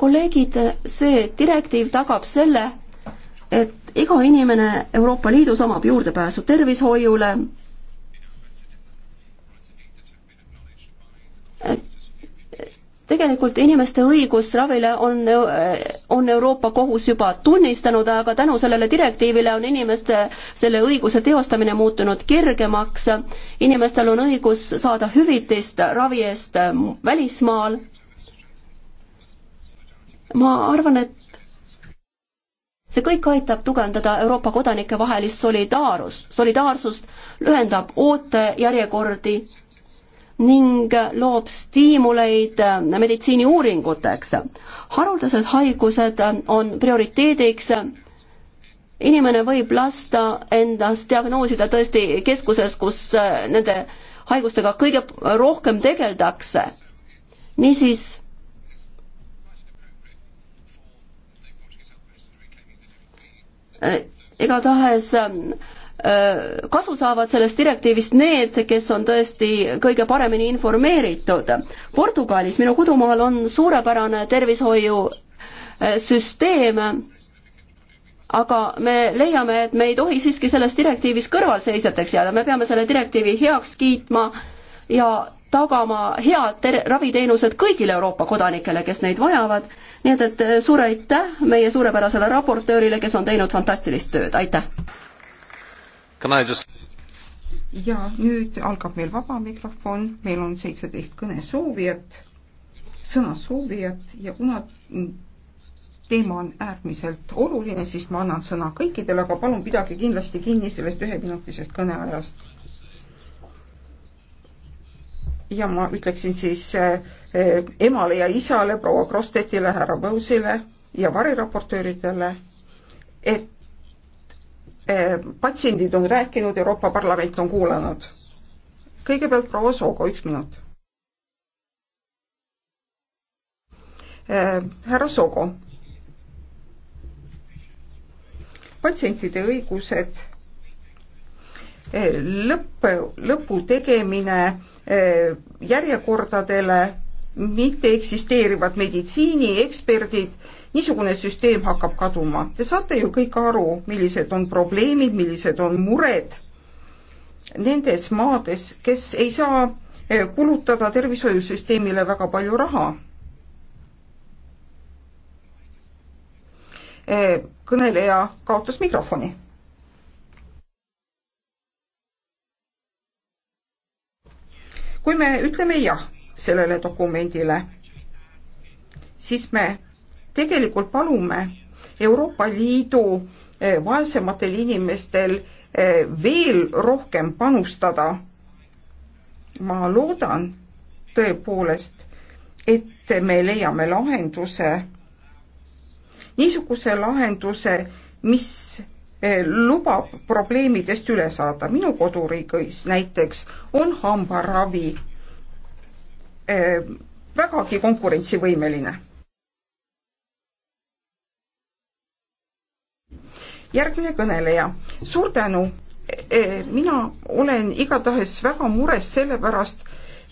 kolleegid, see direktiiv tagab selle, et iga inimene Euroopa Liidus omab juurdepääsu tervishoiule, tegelikult inimeste õigus ravile on, on Euroopa Kohus juba tunnistanud, aga tänu sellele direktiivile on inimeste selle õiguse teostamine muutunud kergemaks. inimestel on õigus saada hüvitist ravi eest välismaal ma arvan, et see kõik aitab tugevdada Euroopa kodanike vahelist solidaarust, solidaarsust, lühendab ootejärjekordi ning loob stiimuleid meditsiiniuuringuteks. haruldased haigused on prioriteediks. inimene võib lasta endast diagnoosida tõesti keskuses, kus eh, nende haigustega kõige rohkem tegeldakse. niisiis Äh, igatahes ähm, äh, kasu saavad sellest direktiivist need, kes on tõesti kõige paremini informeeritud. Portugalis, minu kodumaal, on suurepärane tervishoiusüsteem, äh, aga me leiame, et me ei tohi siiski sellest direktiivist kõrvalseisjateks jääda, me peame selle direktiivi heaks kiitma ja tagama head raviteenused kõigile Euroopa kodanikele, kes neid vajavad. nii et, et äh, suur aitäh meie suurepärasele raportöörile, kes on teinud fantastilist tööd, aitäh! Just... ja nüüd algab meil vaba mikrofon, meil on seitseteist kõnesoovijat, sõnasoovijat ja kuna teema on äärmiselt oluline, siis ma annan sõna kõikidele, aga palun pidage kindlasti kinni sellest üheminutisest kõneajast ja ma ütleksin siis eh, eh, emale ja isale, proua Krostetile, härra Põusile ja variraportööridele, et eh, patsiendid on rääkinud, Euroopa Parlament on kuulanud. kõigepealt proua Soogo, üks minut. härra Soogo. patsientide õigused lõpp, lõpu tegemine eh, järjekordadele, mitteeksisteerivad meditsiinieksperdid, niisugune süsteem hakkab kaduma. Te saate ju kõik aru, millised on probleemid, millised on mured nendes maades, kes ei saa eh, kulutada tervishoiusüsteemile väga palju raha. Eh, kõneleja kaotas mikrofoni kui me ütleme jah sellele dokumendile, siis me tegelikult palume Euroopa Liidu eh, vaesematel inimestel eh, veel rohkem panustada. ma loodan tõepoolest, et me leiame lahenduse, niisuguse lahenduse, mis Eh, lubab probleemidest üle saada. minu koduriigis näiteks on hambaravi eh, vägagi konkurentsivõimeline. järgmine kõneleja, suur tänu eh, mina olen igatahes väga mures selle pärast,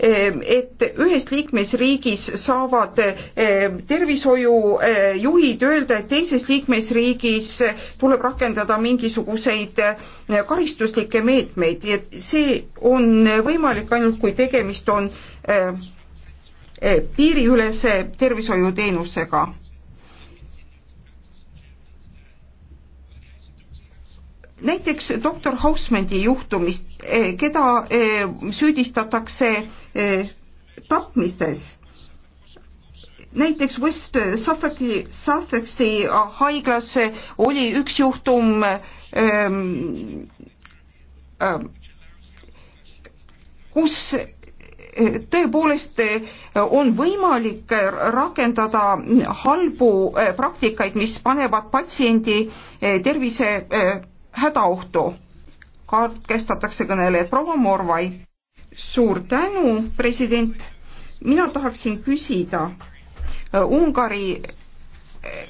Ehm, et ühes liikmesriigis saavad ehm, tervishoiujuhid öelda, et teises liikmesriigis tuleb rakendada mingisuguseid eh, karistuslikke meetmeid, et see on võimalik ainult, kui tegemist on ehm, eh, piiriülese tervishoiuteenusega näiteks doktor Hausmandi juhtumist, eh, keda eh, süüdistatakse eh, tapmistes. näiteks West Suffolki, Suffolki haiglas oli üks juhtum ähm, ähm, kus tõepoolest on võimalik rakendada halbu praktikaid, mis panevad patsiendi tervise hädaohtu. katkestatakse kõnelejad, proua Morvai. suur tänu, president. mina tahaksin küsida äh, Ungari äh,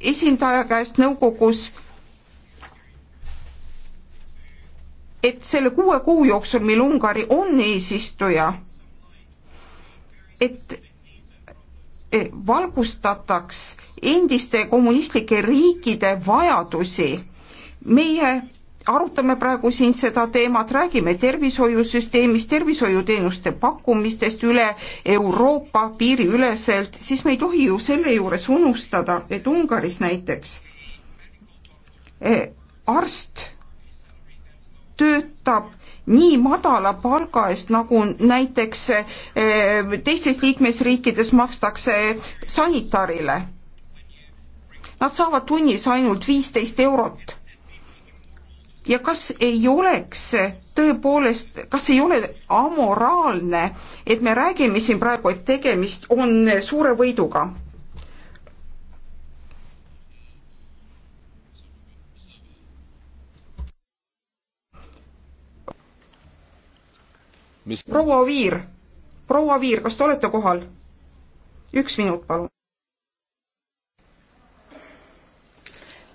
esindaja käest nõukogus, et selle kuue kuu jooksul, mil Ungari on eesistuja, et äh, valgustataks endiste kommunistlike riikide vajadusi meie arutame praegu siin seda teemat, räägime tervishoiusüsteemist, tervishoiuteenuste pakkumistest üle Euroopa piiriüleselt, siis me ei tohi ju selle juures unustada, et Ungaris näiteks eh, arst töötab nii madala palga eest, nagu näiteks eh, teistes liikmesriikides makstakse sanitarile. Nad saavad tunnis ainult viisteist eurot ja kas ei oleks tõepoolest, kas ei ole amoraalne, et me räägime siin praegu, et tegemist on suure võiduga? proua Oviir, proua Oviir, kas te olete kohal? üks minut, palun.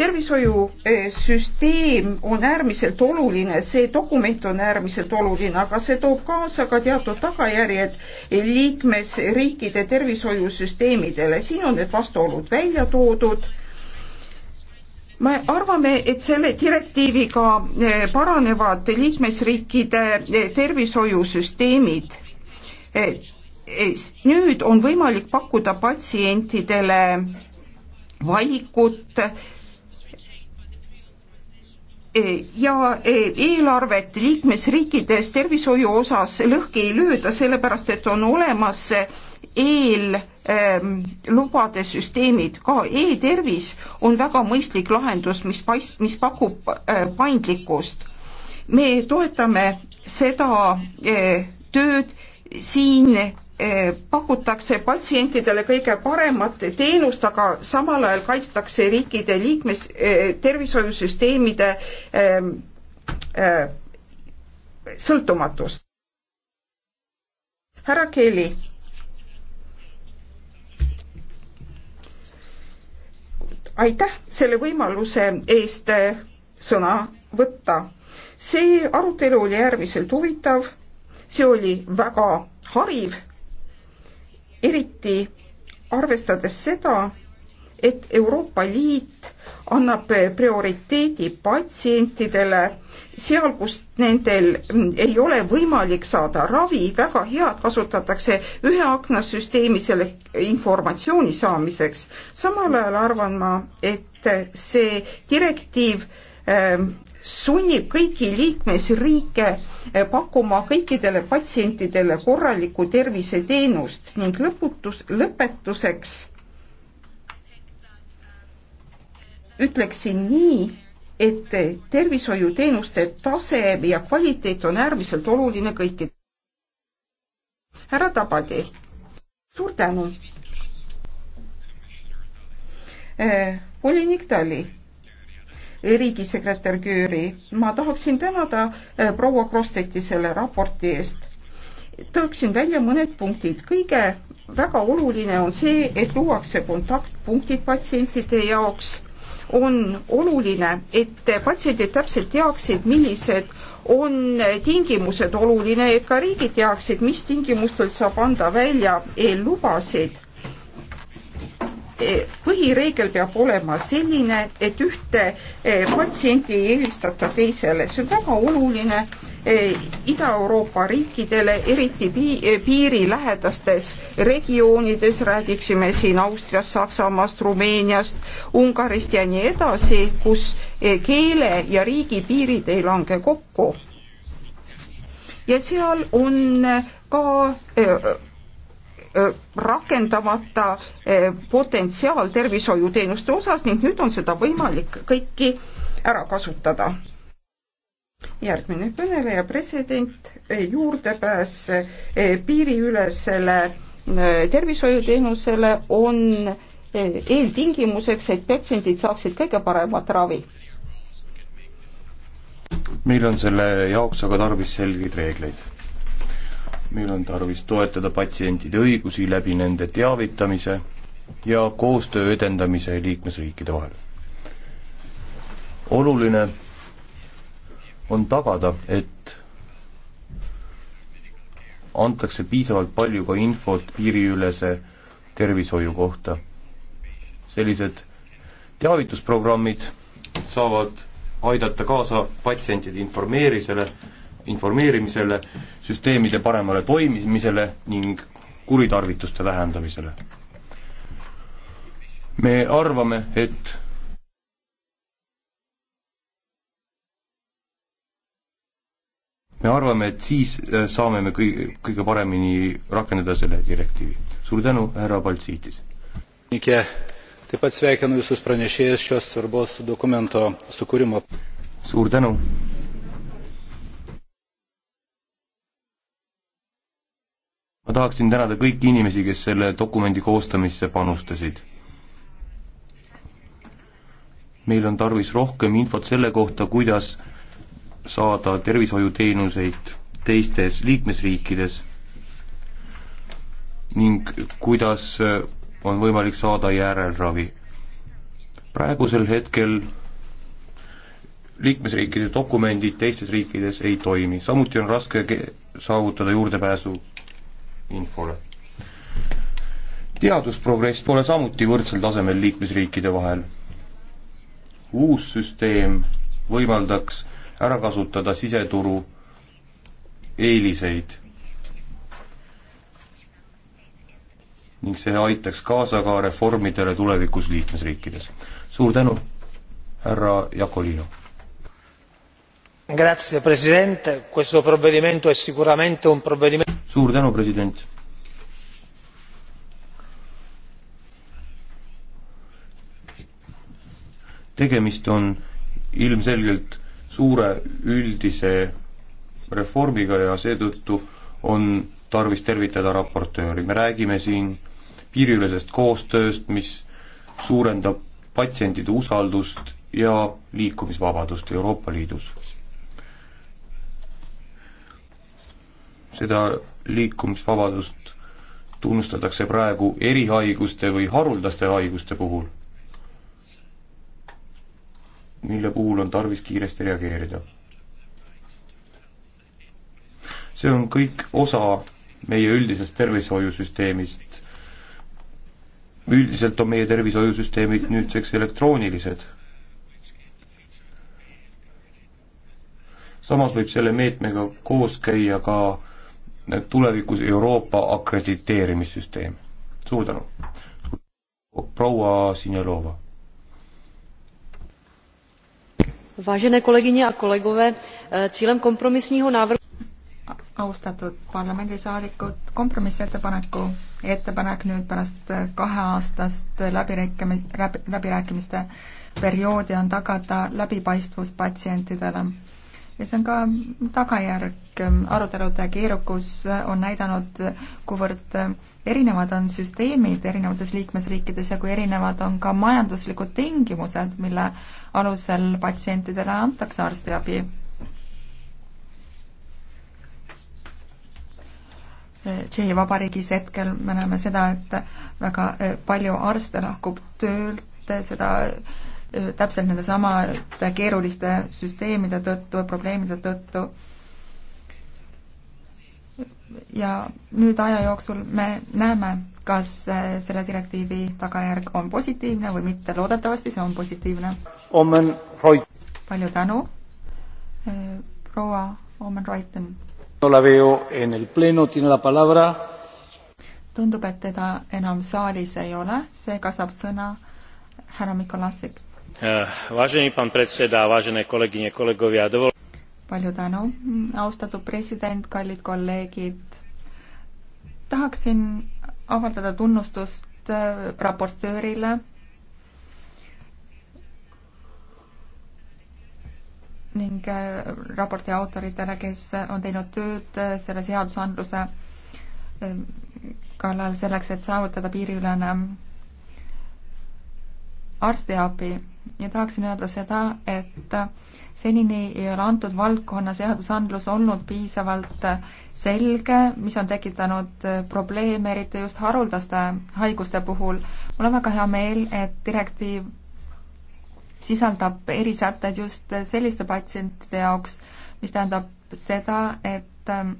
tervishoiusüsteem eh, on äärmiselt oluline, see dokument on äärmiselt oluline, aga see toob kaasa ka teatud tagajärjed liikmesriikide tervishoiusüsteemidele. siin on need vastuolud välja toodud. me arvame, et selle direktiiviga eh, paranevad liikmesriikide eh, tervishoiusüsteemid nüüd on võimalik pakkuda patsientidele valikut ja eelarvet liikmesriikides tervishoiu osas lõhki ei lööda, sellepärast et on olemas eellubade ähm, süsteemid, ka e-tervis on väga mõistlik lahendus, mis paist-, mis pakub äh, paindlikkust. me toetame seda äh, tööd siin eh, pakutakse patsientidele kõige paremat teenust, aga samal ajal kaitstakse riikide liikmes, eh, tervishoiusüsteemide eh, sõltumatust. härra Kelly. aitäh selle võimaluse eest sõna võtta. see arutelu oli äärmiselt huvitav see oli väga hariv, eriti arvestades seda, et Euroopa Liit annab prioriteedi patsientidele seal, kus nendel ei ole võimalik saada ravi, väga hea, et kasutatakse ühe akna süsteemi selle informatsiooni saamiseks. samal ajal arvan ma, et see direktiiv ähm, sunnib kõiki liikmesriike eh, pakkuma kõikidele patsientidele korralikku terviseteenust ning lõputus, lõpetuseks ütleksin nii, et tervishoiuteenuste tase ja kvaliteet on äärmiselt oluline kõikidele. härra Tabadi, suur tänu äh,. volinik Tali riigisekretär Küüri. ma tahaksin tänada äh, proua Krosteti selle raporti eest. tooksin välja mõned punktid. kõige väga oluline on see, et luuakse kontaktpunktid patsientide jaoks. on oluline, et patsiendid täpselt teaksid, millised on tingimused oluline, et ka riigid teaksid, mis tingimustel saab anda välja e-lubasid Eh, põhireegel peab olema selline, et ühte eh, patsienti ei eelistata teisele, see on väga oluline eh, Ida-Euroopa riikidele, eriti piirilähedastes regioonides, räägiksime siin Austriast, Saksamaast, Rumeeniast, Ungarist ja nii edasi, kus keele ja riigi piirid ei lange kokku. ja seal on ka Äh, rakendamata äh, potentsiaal tervishoiuteenuste osas ning nüüd on seda võimalik kõiki ära kasutada. järgmine kõneleja, president, äh, juurdepääs piiriülesele tervishoiuteenusele on eeltingimuseks, et patsiendid saaksid kõige paremat ravi. meil on selle jaoks aga tarvis selgeid reegleid meil on tarvis toetada patsientide õigusi läbi nende teavitamise ja koostöö edendamise liikmesriikide vahel. oluline on tagada, et antakse piisavalt palju ka infot piiriülese tervishoiu kohta. sellised teavitusprogrammid saavad aidata kaasa patsientide informeerisele informeerimisele, süsteemide paremale toimimisele ning kuritarvituste vähendamisele. me arvame, et me arvame, et siis äh, saame me kõige, kõige paremini rakendada selle direktiivi. suur tänu, härra Baltsiitis! taip pat sveikinu visus pranešėjus šios svarbos dokumento sukūrimo. suur tänu! ma tahaksin tänada kõiki inimesi, kes selle dokumendi koostamisse panustasid. meil on tarvis rohkem infot selle kohta, kuidas saada tervishoiuteenuseid teistes liikmesriikides ning kuidas on võimalik saada järelravi. praegusel hetkel liikmesriikide dokumendid teistes riikides ei toimi, samuti on raske saavutada juurdepääsu infole. teadusprogress pole samuti võrdsel tasemel liikmesriikide vahel. uus süsteem võimaldaks ära kasutada siseturu eeliseid ning see aitaks kaasa ka reformidele tulevikus liikmesriikides. suur tänu, härra Jakolino! signor presidente questo provvedimento è sicuramente un provvedimento. suur tänu president tegemist on ilmselgelt suure üldise reformiga ja seetõttu on tarvis tervitada raportööri me räägime siin piiriülesest koostööst mis suurendab patsientide usaldust ja liikumisvabadust euroopa liidus seda liikumisvabadust tunnustatakse praegu erihaiguste või haruldaste haiguste puhul, mille puhul on tarvis kiiresti reageerida. see on kõik osa meie üldisest tervishoiusüsteemist. üldiselt on meie tervishoiusüsteemid nüüdseks elektroonilised samas võib selle meetmega koos käia ka tulevikus Euroopa akrediteerimissüsteem. suur tänu. proua Sinelova. Vážené kolegyně a kolegové, cílem kompromisního návrhu austatud parlamendisaadikud, kompromissettepaneku ettepanek nüüd pärast kaheaastast läbirääkimiste, läbirääkimiste perioodi on tagada läbipaistvus patsientidele ja see on ka tagajärg, arutelude keerukus on näidanud, kuivõrd erinevad on süsteemid erinevates liikmesriikides ja kui erinevad on ka majanduslikud tingimused, mille alusel patsientidele antakse arstiabi. Tšehhi Vabariigis hetkel me näeme seda, et väga palju arste lahkub töölt, seda täpselt nende samade keeruliste süsteemide tõttu ja probleemide tõttu. ja nüüd aja jooksul me näeme, kas äh, selle direktiivi tagajärg on positiivne või mitte, loodetavasti see on positiivne. palju tänu, äh, proua Omen Reuten. tundub, et teda enam saalis ei ole, seega saab sõna härra Mikolasik Eh, vážený pán predseda, vážené kolegyne, kolegovia, dovol... palju tänu, austatud president, kallid kolleegid. tahaksin avaldada tunnustust eh, raportöörile. ning eh, raporti autoritele, kes on teinud tööd selle seadusandluse kallal selleks, et saavutada piiriülene arstiabi ja tahaksin öelda seda, et senini ei ole antud valdkonna seadusandlus olnud piisavalt selge, mis on tekitanud probleeme, eriti just haruldaste haiguste puhul. mul on väga hea meel, et direktiiv sisaldab erisätted just selliste patsientide jaoks, mis tähendab seda, et ähm,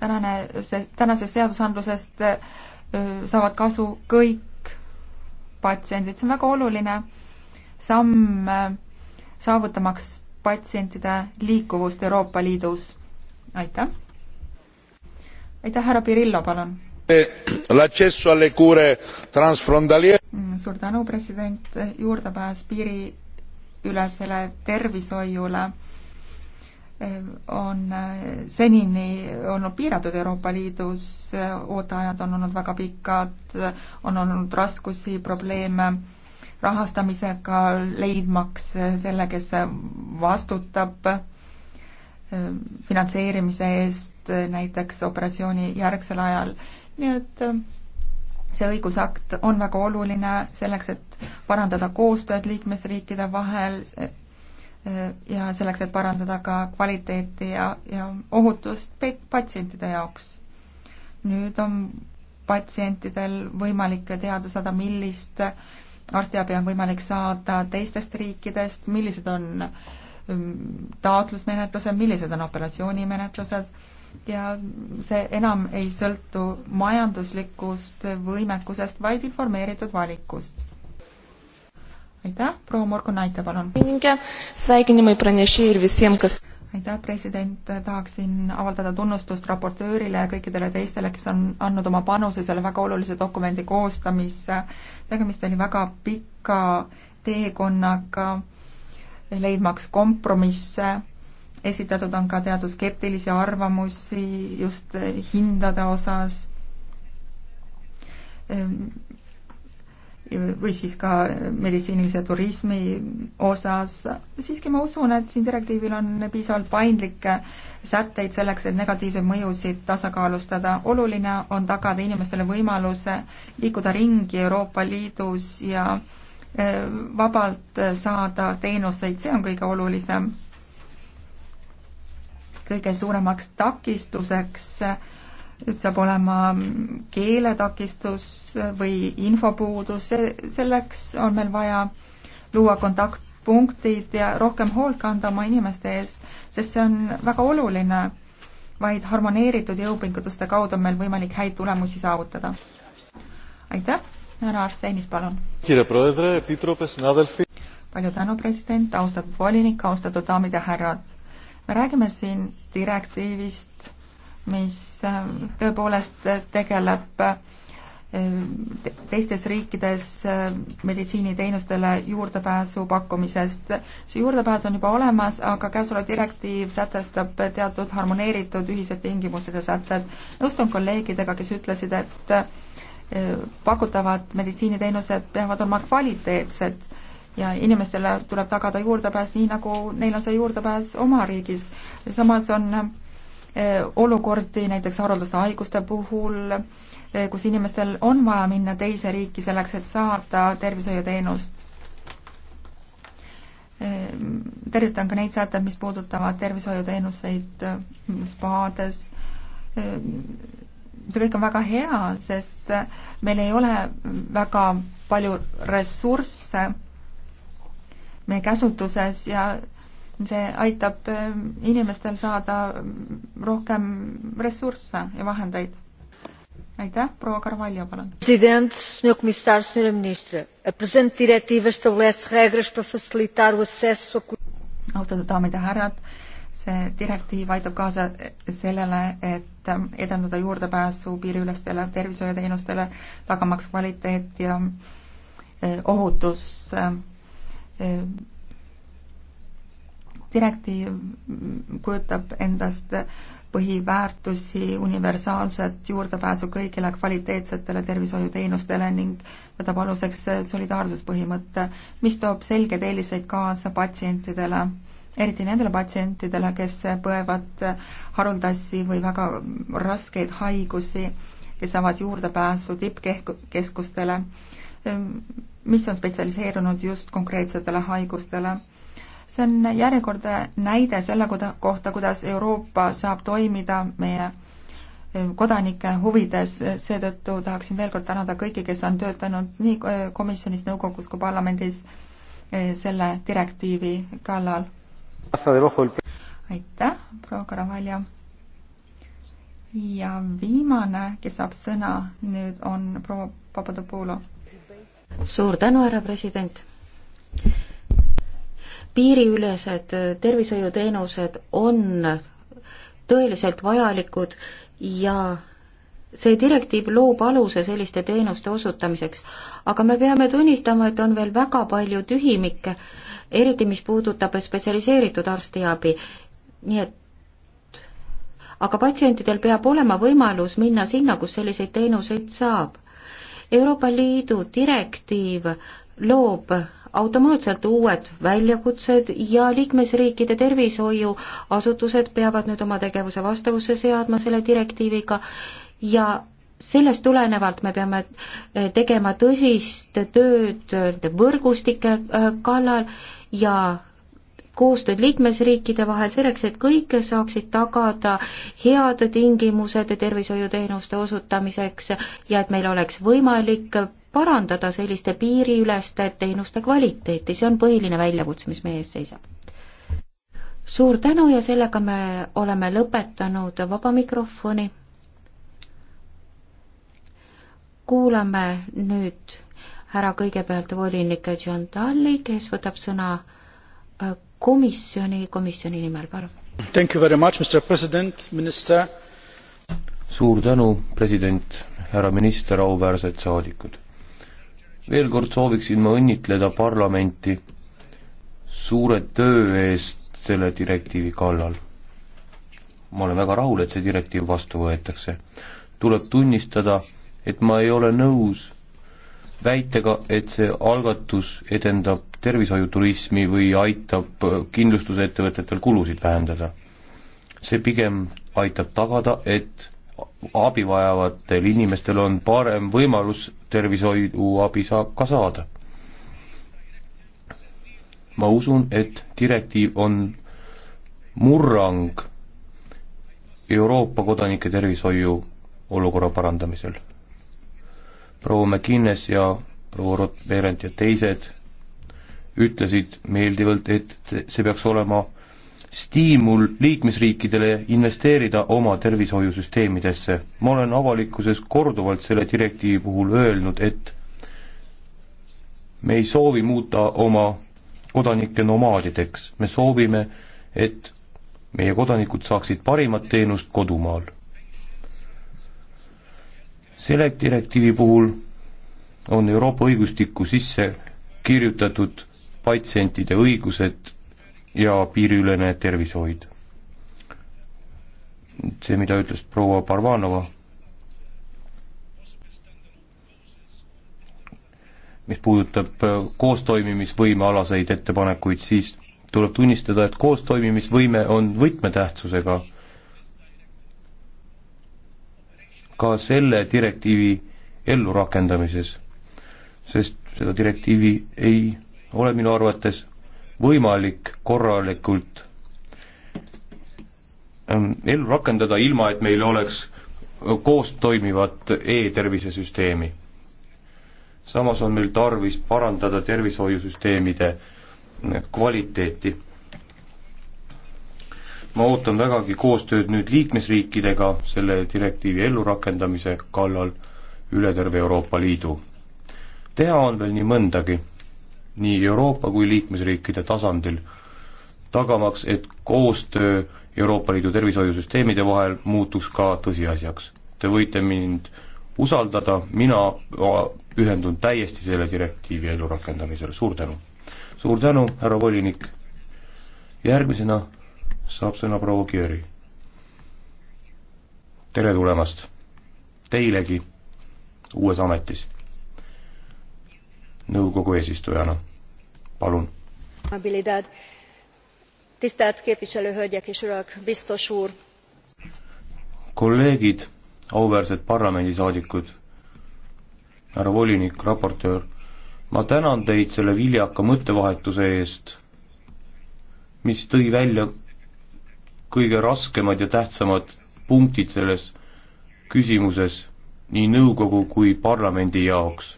tänane, see, tänasest seadusandlusest äh, saavad kasu kõik patsiendid, see on väga oluline samm äh, saavutamaks patsientide liikuvust Euroopa Liidus. aitäh. aitäh, härra Pirillo, palun. Mm, suur tänu, president, juurdepääs piiriülesele tervishoiule on äh, senini olnud piiratud Euroopa Liidus, äh, ooteajad on olnud väga pikad, äh, on olnud raskusi, probleeme rahastamisega, leidmaks selle, kes vastutab finantseerimise eest näiteks operatsiooni järgsel ajal, nii et see õigusakt on väga oluline selleks, et parandada koostööd liikmesriikide vahel, ja selleks, et parandada ka kvaliteeti ja, ja ohutust patsientide jaoks. nüüd on patsientidel võimalik teada saada, millist arstiabi on võimalik saada teistest riikidest, millised on mm, taotlusmenetlused, millised on apellatsioonimenetlused ja see enam ei sõltu majanduslikust võimekusest, vaid informeeritud valikust aitäh, proua Morgunaite, palun. aitäh, president, tahaksin avaldada tunnustust raportöörile ja kõikidele teistele, kes on andnud oma panuse selle väga olulise dokumendi koostamisse. tegemist oli väga pika teekonnaga, leidmaks kompromisse, esitatud on ka teatud skeptilisi arvamusi just hindade osas ehm, või siis ka meditsiinilise turismi osas, siiski ma usun, et siin direktiivil on piisavalt paindlikke sätteid selleks, et negatiivseid mõjusid tasakaalustada. oluline on tagada inimestele võimaluse liikuda ringi Euroopa Liidus ja eh, vabalt saada teenuseid, see on kõige olulisem. kõige suuremaks takistuseks äh, saab olema keeletakistus või infopuudus, selleks on meil vaja luua kontaktpunktid ja rohkem hoolt kanda oma inimeste eest, sest see on väga oluline. vaid harmoneeritud jõupingutuste kaudu on meil võimalik häid tulemusi saavutada. aitäh, härra Arsenis, palun. palju tänu, president, austatud volinik, austatud daamid ja härrad. me räägime siin direktiivist mis ähm, tõepoolest tegeleb äh, teistes riikides äh, meditsiiniteenustele juurdepääsu pakkumisest. see juurdepääs on juba olemas, aga käesolev direktiiv sätestab teatud harmoneeritud ühised tingimused ja sätted. nõustun kolleegidega, kes ütlesid, et äh, pakutavad meditsiiniteenused peavad olema kvaliteetsed ja inimestele tuleb tagada juurdepääs nii, nagu neil on see juurdepääs oma riigis. samas on olukordi, näiteks haruldaste haiguste puhul, eh, kus inimestel on vaja minna teise riiki selleks, et saada tervishoiuteenust. Eh, tervitan ka neid sätteid, mis puudutavad tervishoiuteenuseid eh, spaades. see kõik on väga hea, sest meil ei ole väga palju ressursse meie käsutuses ja see aitab ähm, inimestel saada ähm, rohkem ressursse ja vahendeid. aitäh, proua Carvalho, palun. president, senhor comissar, senhora ministra, a presente directiva estabelece regras para facilitar o acesso a austatud daamid ja härrad, see direktiiv aitab kaasa äh, sellele, et ähm, edendada juurdepääsu piiriülestele tervishoiuteenustele, tagamaks kvaliteet ja äh, ohutus äh, direktiiv kujutab endast põhiväärtusi, universaalset juurdepääsu kõigile kvaliteetsetele tervishoiuteenustele ning võtab aluseks solidaarsuspõhimõtte, mis toob selgeid eeliseid kaasa patsientidele, eriti nendele patsientidele, kes põevad haruldasi või väga raskeid haigusi, kes saavad juurdepääsu tippkeskustele, mis on spetsialiseerunud just konkreetsetele haigustele see on järjekordne näide selle kohta, kuidas Euroopa saab toimida meie e, kodanike huvides, seetõttu tahaksin veel kord tänada kõiki, kes on töötanud nii e, komisjonis, nõukogus kui parlamendis e, selle direktiivi kallal. aitäh, proua Karavalja. ja viimane, kes saab sõna nüüd, on proua Papadopoulou. suur tänu, härra president piiriülesed äh, tervishoiuteenused on tõeliselt vajalikud ja see direktiiv loob aluse selliste teenuste osutamiseks, aga me peame tunnistama, et on veel väga palju tühimikke, eriti mis puudutab spetsialiseeritud arstiabi, nii et aga patsientidel peab olema võimalus minna sinna, kus selliseid teenuseid saab. Euroopa Liidu direktiiv loob automaatselt uued väljakutsed ja liikmesriikide tervishoiuasutused peavad nüüd oma tegevuse vastavusse seadma selle direktiiviga ja sellest tulenevalt me peame eh, tegema tõsist tööd eh, nende võrgustike eh, kallal ja koostööd liikmesriikide vahel selleks, et kõik saaksid tagada head tingimused tervishoiuteenuste osutamiseks ja et meil oleks võimalik parandada selliste piiriüleste teenuste kvaliteeti, see on põhiline väljakutse, mis meie ees seisab. suur tänu ja sellega me oleme lõpetanud vaba mikrofoni. kuulame nüüd ära kõigepealt volinik John Talli, kes võtab sõna äh, komisjoni, komisjoni nimel, palun. Thank you very much, Mr President, minister. suur tänu, president, härra minister, auväärsed saadikud veel kord sooviksin ma õnnitleda parlamenti suure töö eest selle direktiivi kallal. ma olen väga rahul, et see direktiiv vastu võetakse. tuleb tunnistada, et ma ei ole nõus väitega, et see algatus edendab tervishoiuturismi või aitab kindlustusettevõtetel kulusid vähendada. see pigem aitab tagada, et abi vajavatel inimestel on parem võimalus tervishoiuabi saab ka saada. ma usun, et direktiiv on murrang Euroopa kodanike tervishoiu olukorra parandamisel. proua McInnes ja proua Rott-Berend ja teised ütlesid meeldivalt, et see peaks olema stiimul liikmesriikidele investeerida oma tervishoiusüsteemidesse. ma olen avalikkuses korduvalt selle direktiivi puhul öelnud, et me ei soovi muuta oma kodanikke nomaadideks, me soovime, et meie kodanikud saaksid parimat teenust kodumaal. selle direktiivi puhul on Euroopa õigustikku sisse kirjutatud patsientide õigused ja piiriülene tervishoid. see, mida ütles proua Barbanova, mis puudutab äh, koostoimimisvõimealaseid ettepanekuid, siis tuleb tunnistada, et koostoimimisvõime on võtmetähtsusega ka selle direktiivi ellurakendamises, sest seda direktiivi ei ole minu arvates võimalik korralikult ähm, ellu rakendada, ilma et meil oleks koos toimivat e-tervisesüsteemi. samas on meil tarvis parandada tervishoiusüsteemide kvaliteeti. ma ootan vägagi koostööd nüüd liikmesriikidega selle direktiivi ellurakendamise kallal üle terve Euroopa Liidu. teha on veel nii mõndagi nii Euroopa kui liikmesriikide tasandil, tagamaks, et koostöö Euroopa Liidu tervishoiusüsteemide vahel muutuks ka tõsiasjaks. Te võite mind usaldada, mina ühendun täiesti selle direktiivi ellurakendamisele, suur tänu! suur tänu, härra volinik! järgmisena saab sõna proua Kiöri. tere tulemast teilegi uues ametis nõukogu eesistujana. palun. kolleegid, auväärsed parlamendisaadikud, härra volinik, raportöör, ma tänan teid selle viljaka mõttevahetuse eest, mis tõi välja kõige raskemad ja tähtsamad punktid selles küsimuses nii nõukogu kui parlamendi jaoks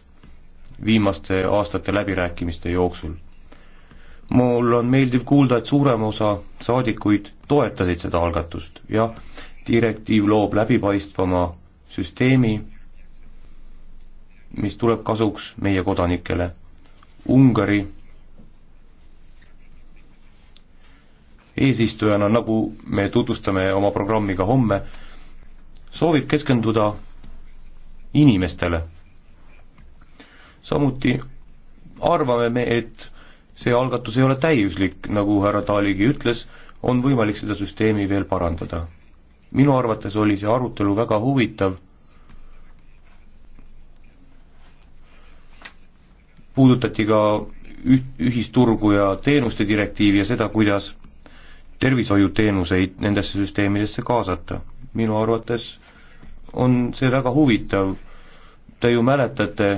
viimaste aastate läbirääkimiste jooksul. mul on meeldiv kuulda, et suurem osa saadikuid toetasid seda algatust, jah, direktiiv loob läbipaistvama süsteemi, mis tuleb kasuks meie kodanikele. Ungari eesistujana, nagu me tutvustame oma programmi ka homme, soovib keskenduda inimestele samuti arvame me, et see algatus ei ole täiuslik, nagu härra Taaligi ütles, on võimalik seda süsteemi veel parandada. minu arvates oli see arutelu väga huvitav, puudutati ka üht, ühisturgu ja teenuste direktiivi ja seda, kuidas tervishoiuteenuseid nendesse süsteemidesse kaasata. minu arvates on see väga huvitav, te ju mäletate,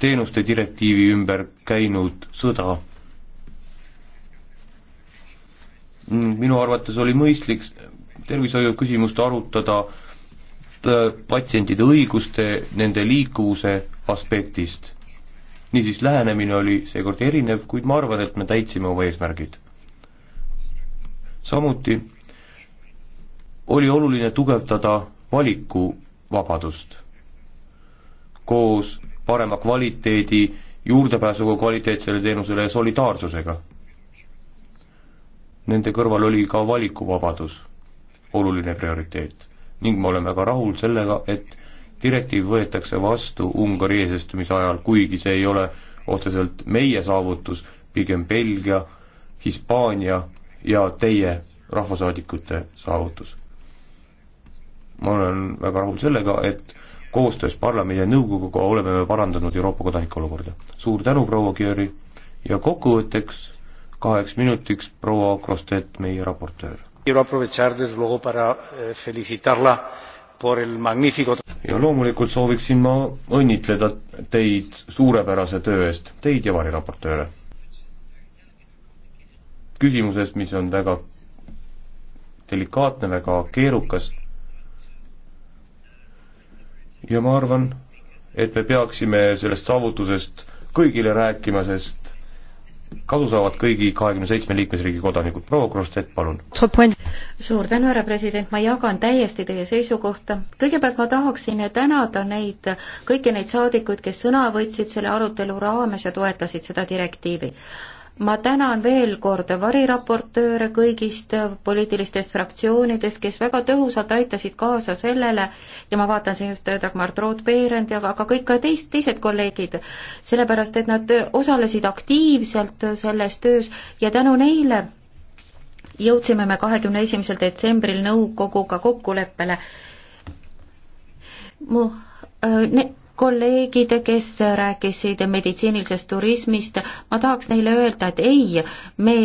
teenuste direktiivi ümber käinud sõda. minu arvates oli mõistlik tervishoiu küsimust arutada äh, patsientide õiguste, nende liikuvuse aspektist. niisiis, lähenemine oli seekord erinev, kuid ma arvan, et me täitsime oma eesmärgid. samuti oli oluline tugevdada valikuvabadust koos parema kvaliteedi, juurdepääsuga kvaliteetsele teenusele ja solidaarsusega. Nende kõrval oli ka valikuvabadus oluline prioriteet ning me oleme ka rahul sellega, et direktiiv võetakse vastu Ungari eesistumise ajal, kuigi see ei ole otseselt meie saavutus, pigem Belgia, Hispaania ja teie rahvasaadikute saavutus. ma olen väga rahul sellega, et koostöös parlamendi ja nõukoguga oleme me parandanud Euroopa kodanike olukorda. suur tänu, proua Gjöri, ja kokkuvõtteks kaheks minutiks proua Krostet, meie raportöör. Eh, ja loomulikult sooviksin ma õnnitleda teid suurepärase töö eest, teid ja variraportööre. küsimusest, mis on väga delikaatne, väga keerukas ja ma arvan, et me peaksime sellest saavutusest kõigile rääkima, sest kasu saavad kõigi kahekümne seitsme liikmesriigi kodanikud. proua Krossett, palun. suur tänu, härra president, ma jagan täiesti teie seisukohta. kõigepealt ma tahaksin tänada neid, kõiki neid saadikuid, kes sõna võtsid selle arutelu raames ja toetasid seda direktiivi ma tänan veel kord variraportööre kõigist poliitilistest fraktsioonidest, kes väga tõhusalt aitasid kaasa sellele ja ma vaatan siin just Dagmar Trood-Beerend ja aga kõik ka teist, teised kolleegid, sellepärast et nad osalesid aktiivselt selles töös ja tänu neile jõudsime me kahekümne esimesel detsembril nõukoguga kokkuleppele. mu äh, ne-, kolleegid, kes rääkisid meditsiinilisest turismist, ma tahaks neile öelda, et ei, me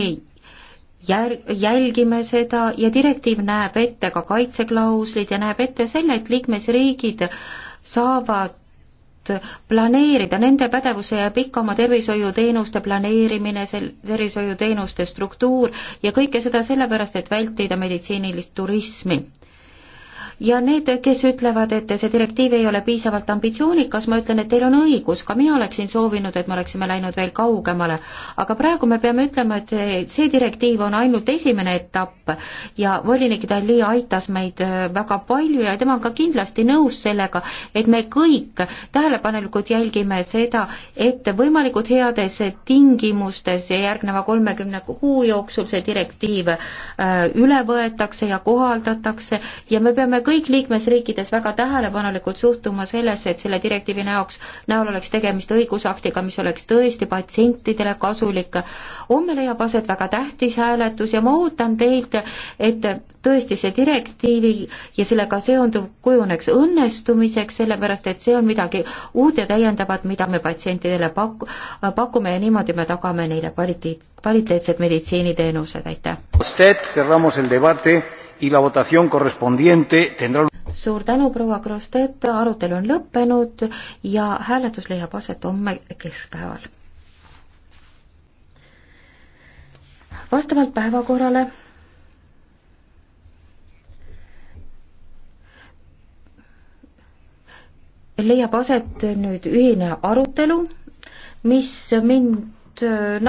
jär-, jälgime seda ja direktiiv näeb ette ka kaitseklauslid ja näeb ette selle, et liikmesriigid saavad planeerida, nende pädevusse jääb ikka oma tervishoiuteenuste planeerimine, sel-, tervishoiuteenuste struktuur ja kõike seda sellepärast, et vältida meditsiinilist turismi ja need, kes ütlevad, et see direktiiv ei ole piisavalt ambitsioonikas, ma ütlen, et teil on õigus, ka mina oleksin soovinud, et me oleksime läinud veel kaugemale. aga praegu me peame ütlema, et see, see direktiiv on ainult esimene etapp ja volinik Dali aitas meid äh, väga palju ja tema on ka kindlasti nõus sellega, et me kõik tähelepanelikult jälgime seda, et võimalikult heades tingimustes ja järgneva kolmekümne kuu jooksul see direktiiv äh, üle võetakse ja kohaldatakse ja me peame kõik liikmesriikides väga tähelepanelikult suhtuma sellesse, et selle direktiivi näoks, näol oleks tegemist õigusaktiga, mis oleks tõesti patsientidele kasulik. homme leiab aset väga tähtis hääletus ja ma ootan teilt, et tõesti see direktiivi ja sellega seonduv kujuneks õnnestumiseks, sellepärast et see on midagi uut ja täiendavat, mida me patsientidele pak-, pakume ja niimoodi me tagame neile kvaliteet, kvaliteetsed meditsiiniteenused, aitäh! y la votación correspondiente tendrá suur tänu, proua Krostet, arutelu on lõppenud ja hääletus leiab aset homme keskpäeval. vastavalt päevakorrale leiab aset nüüd ühine arutelu, mis mind äh,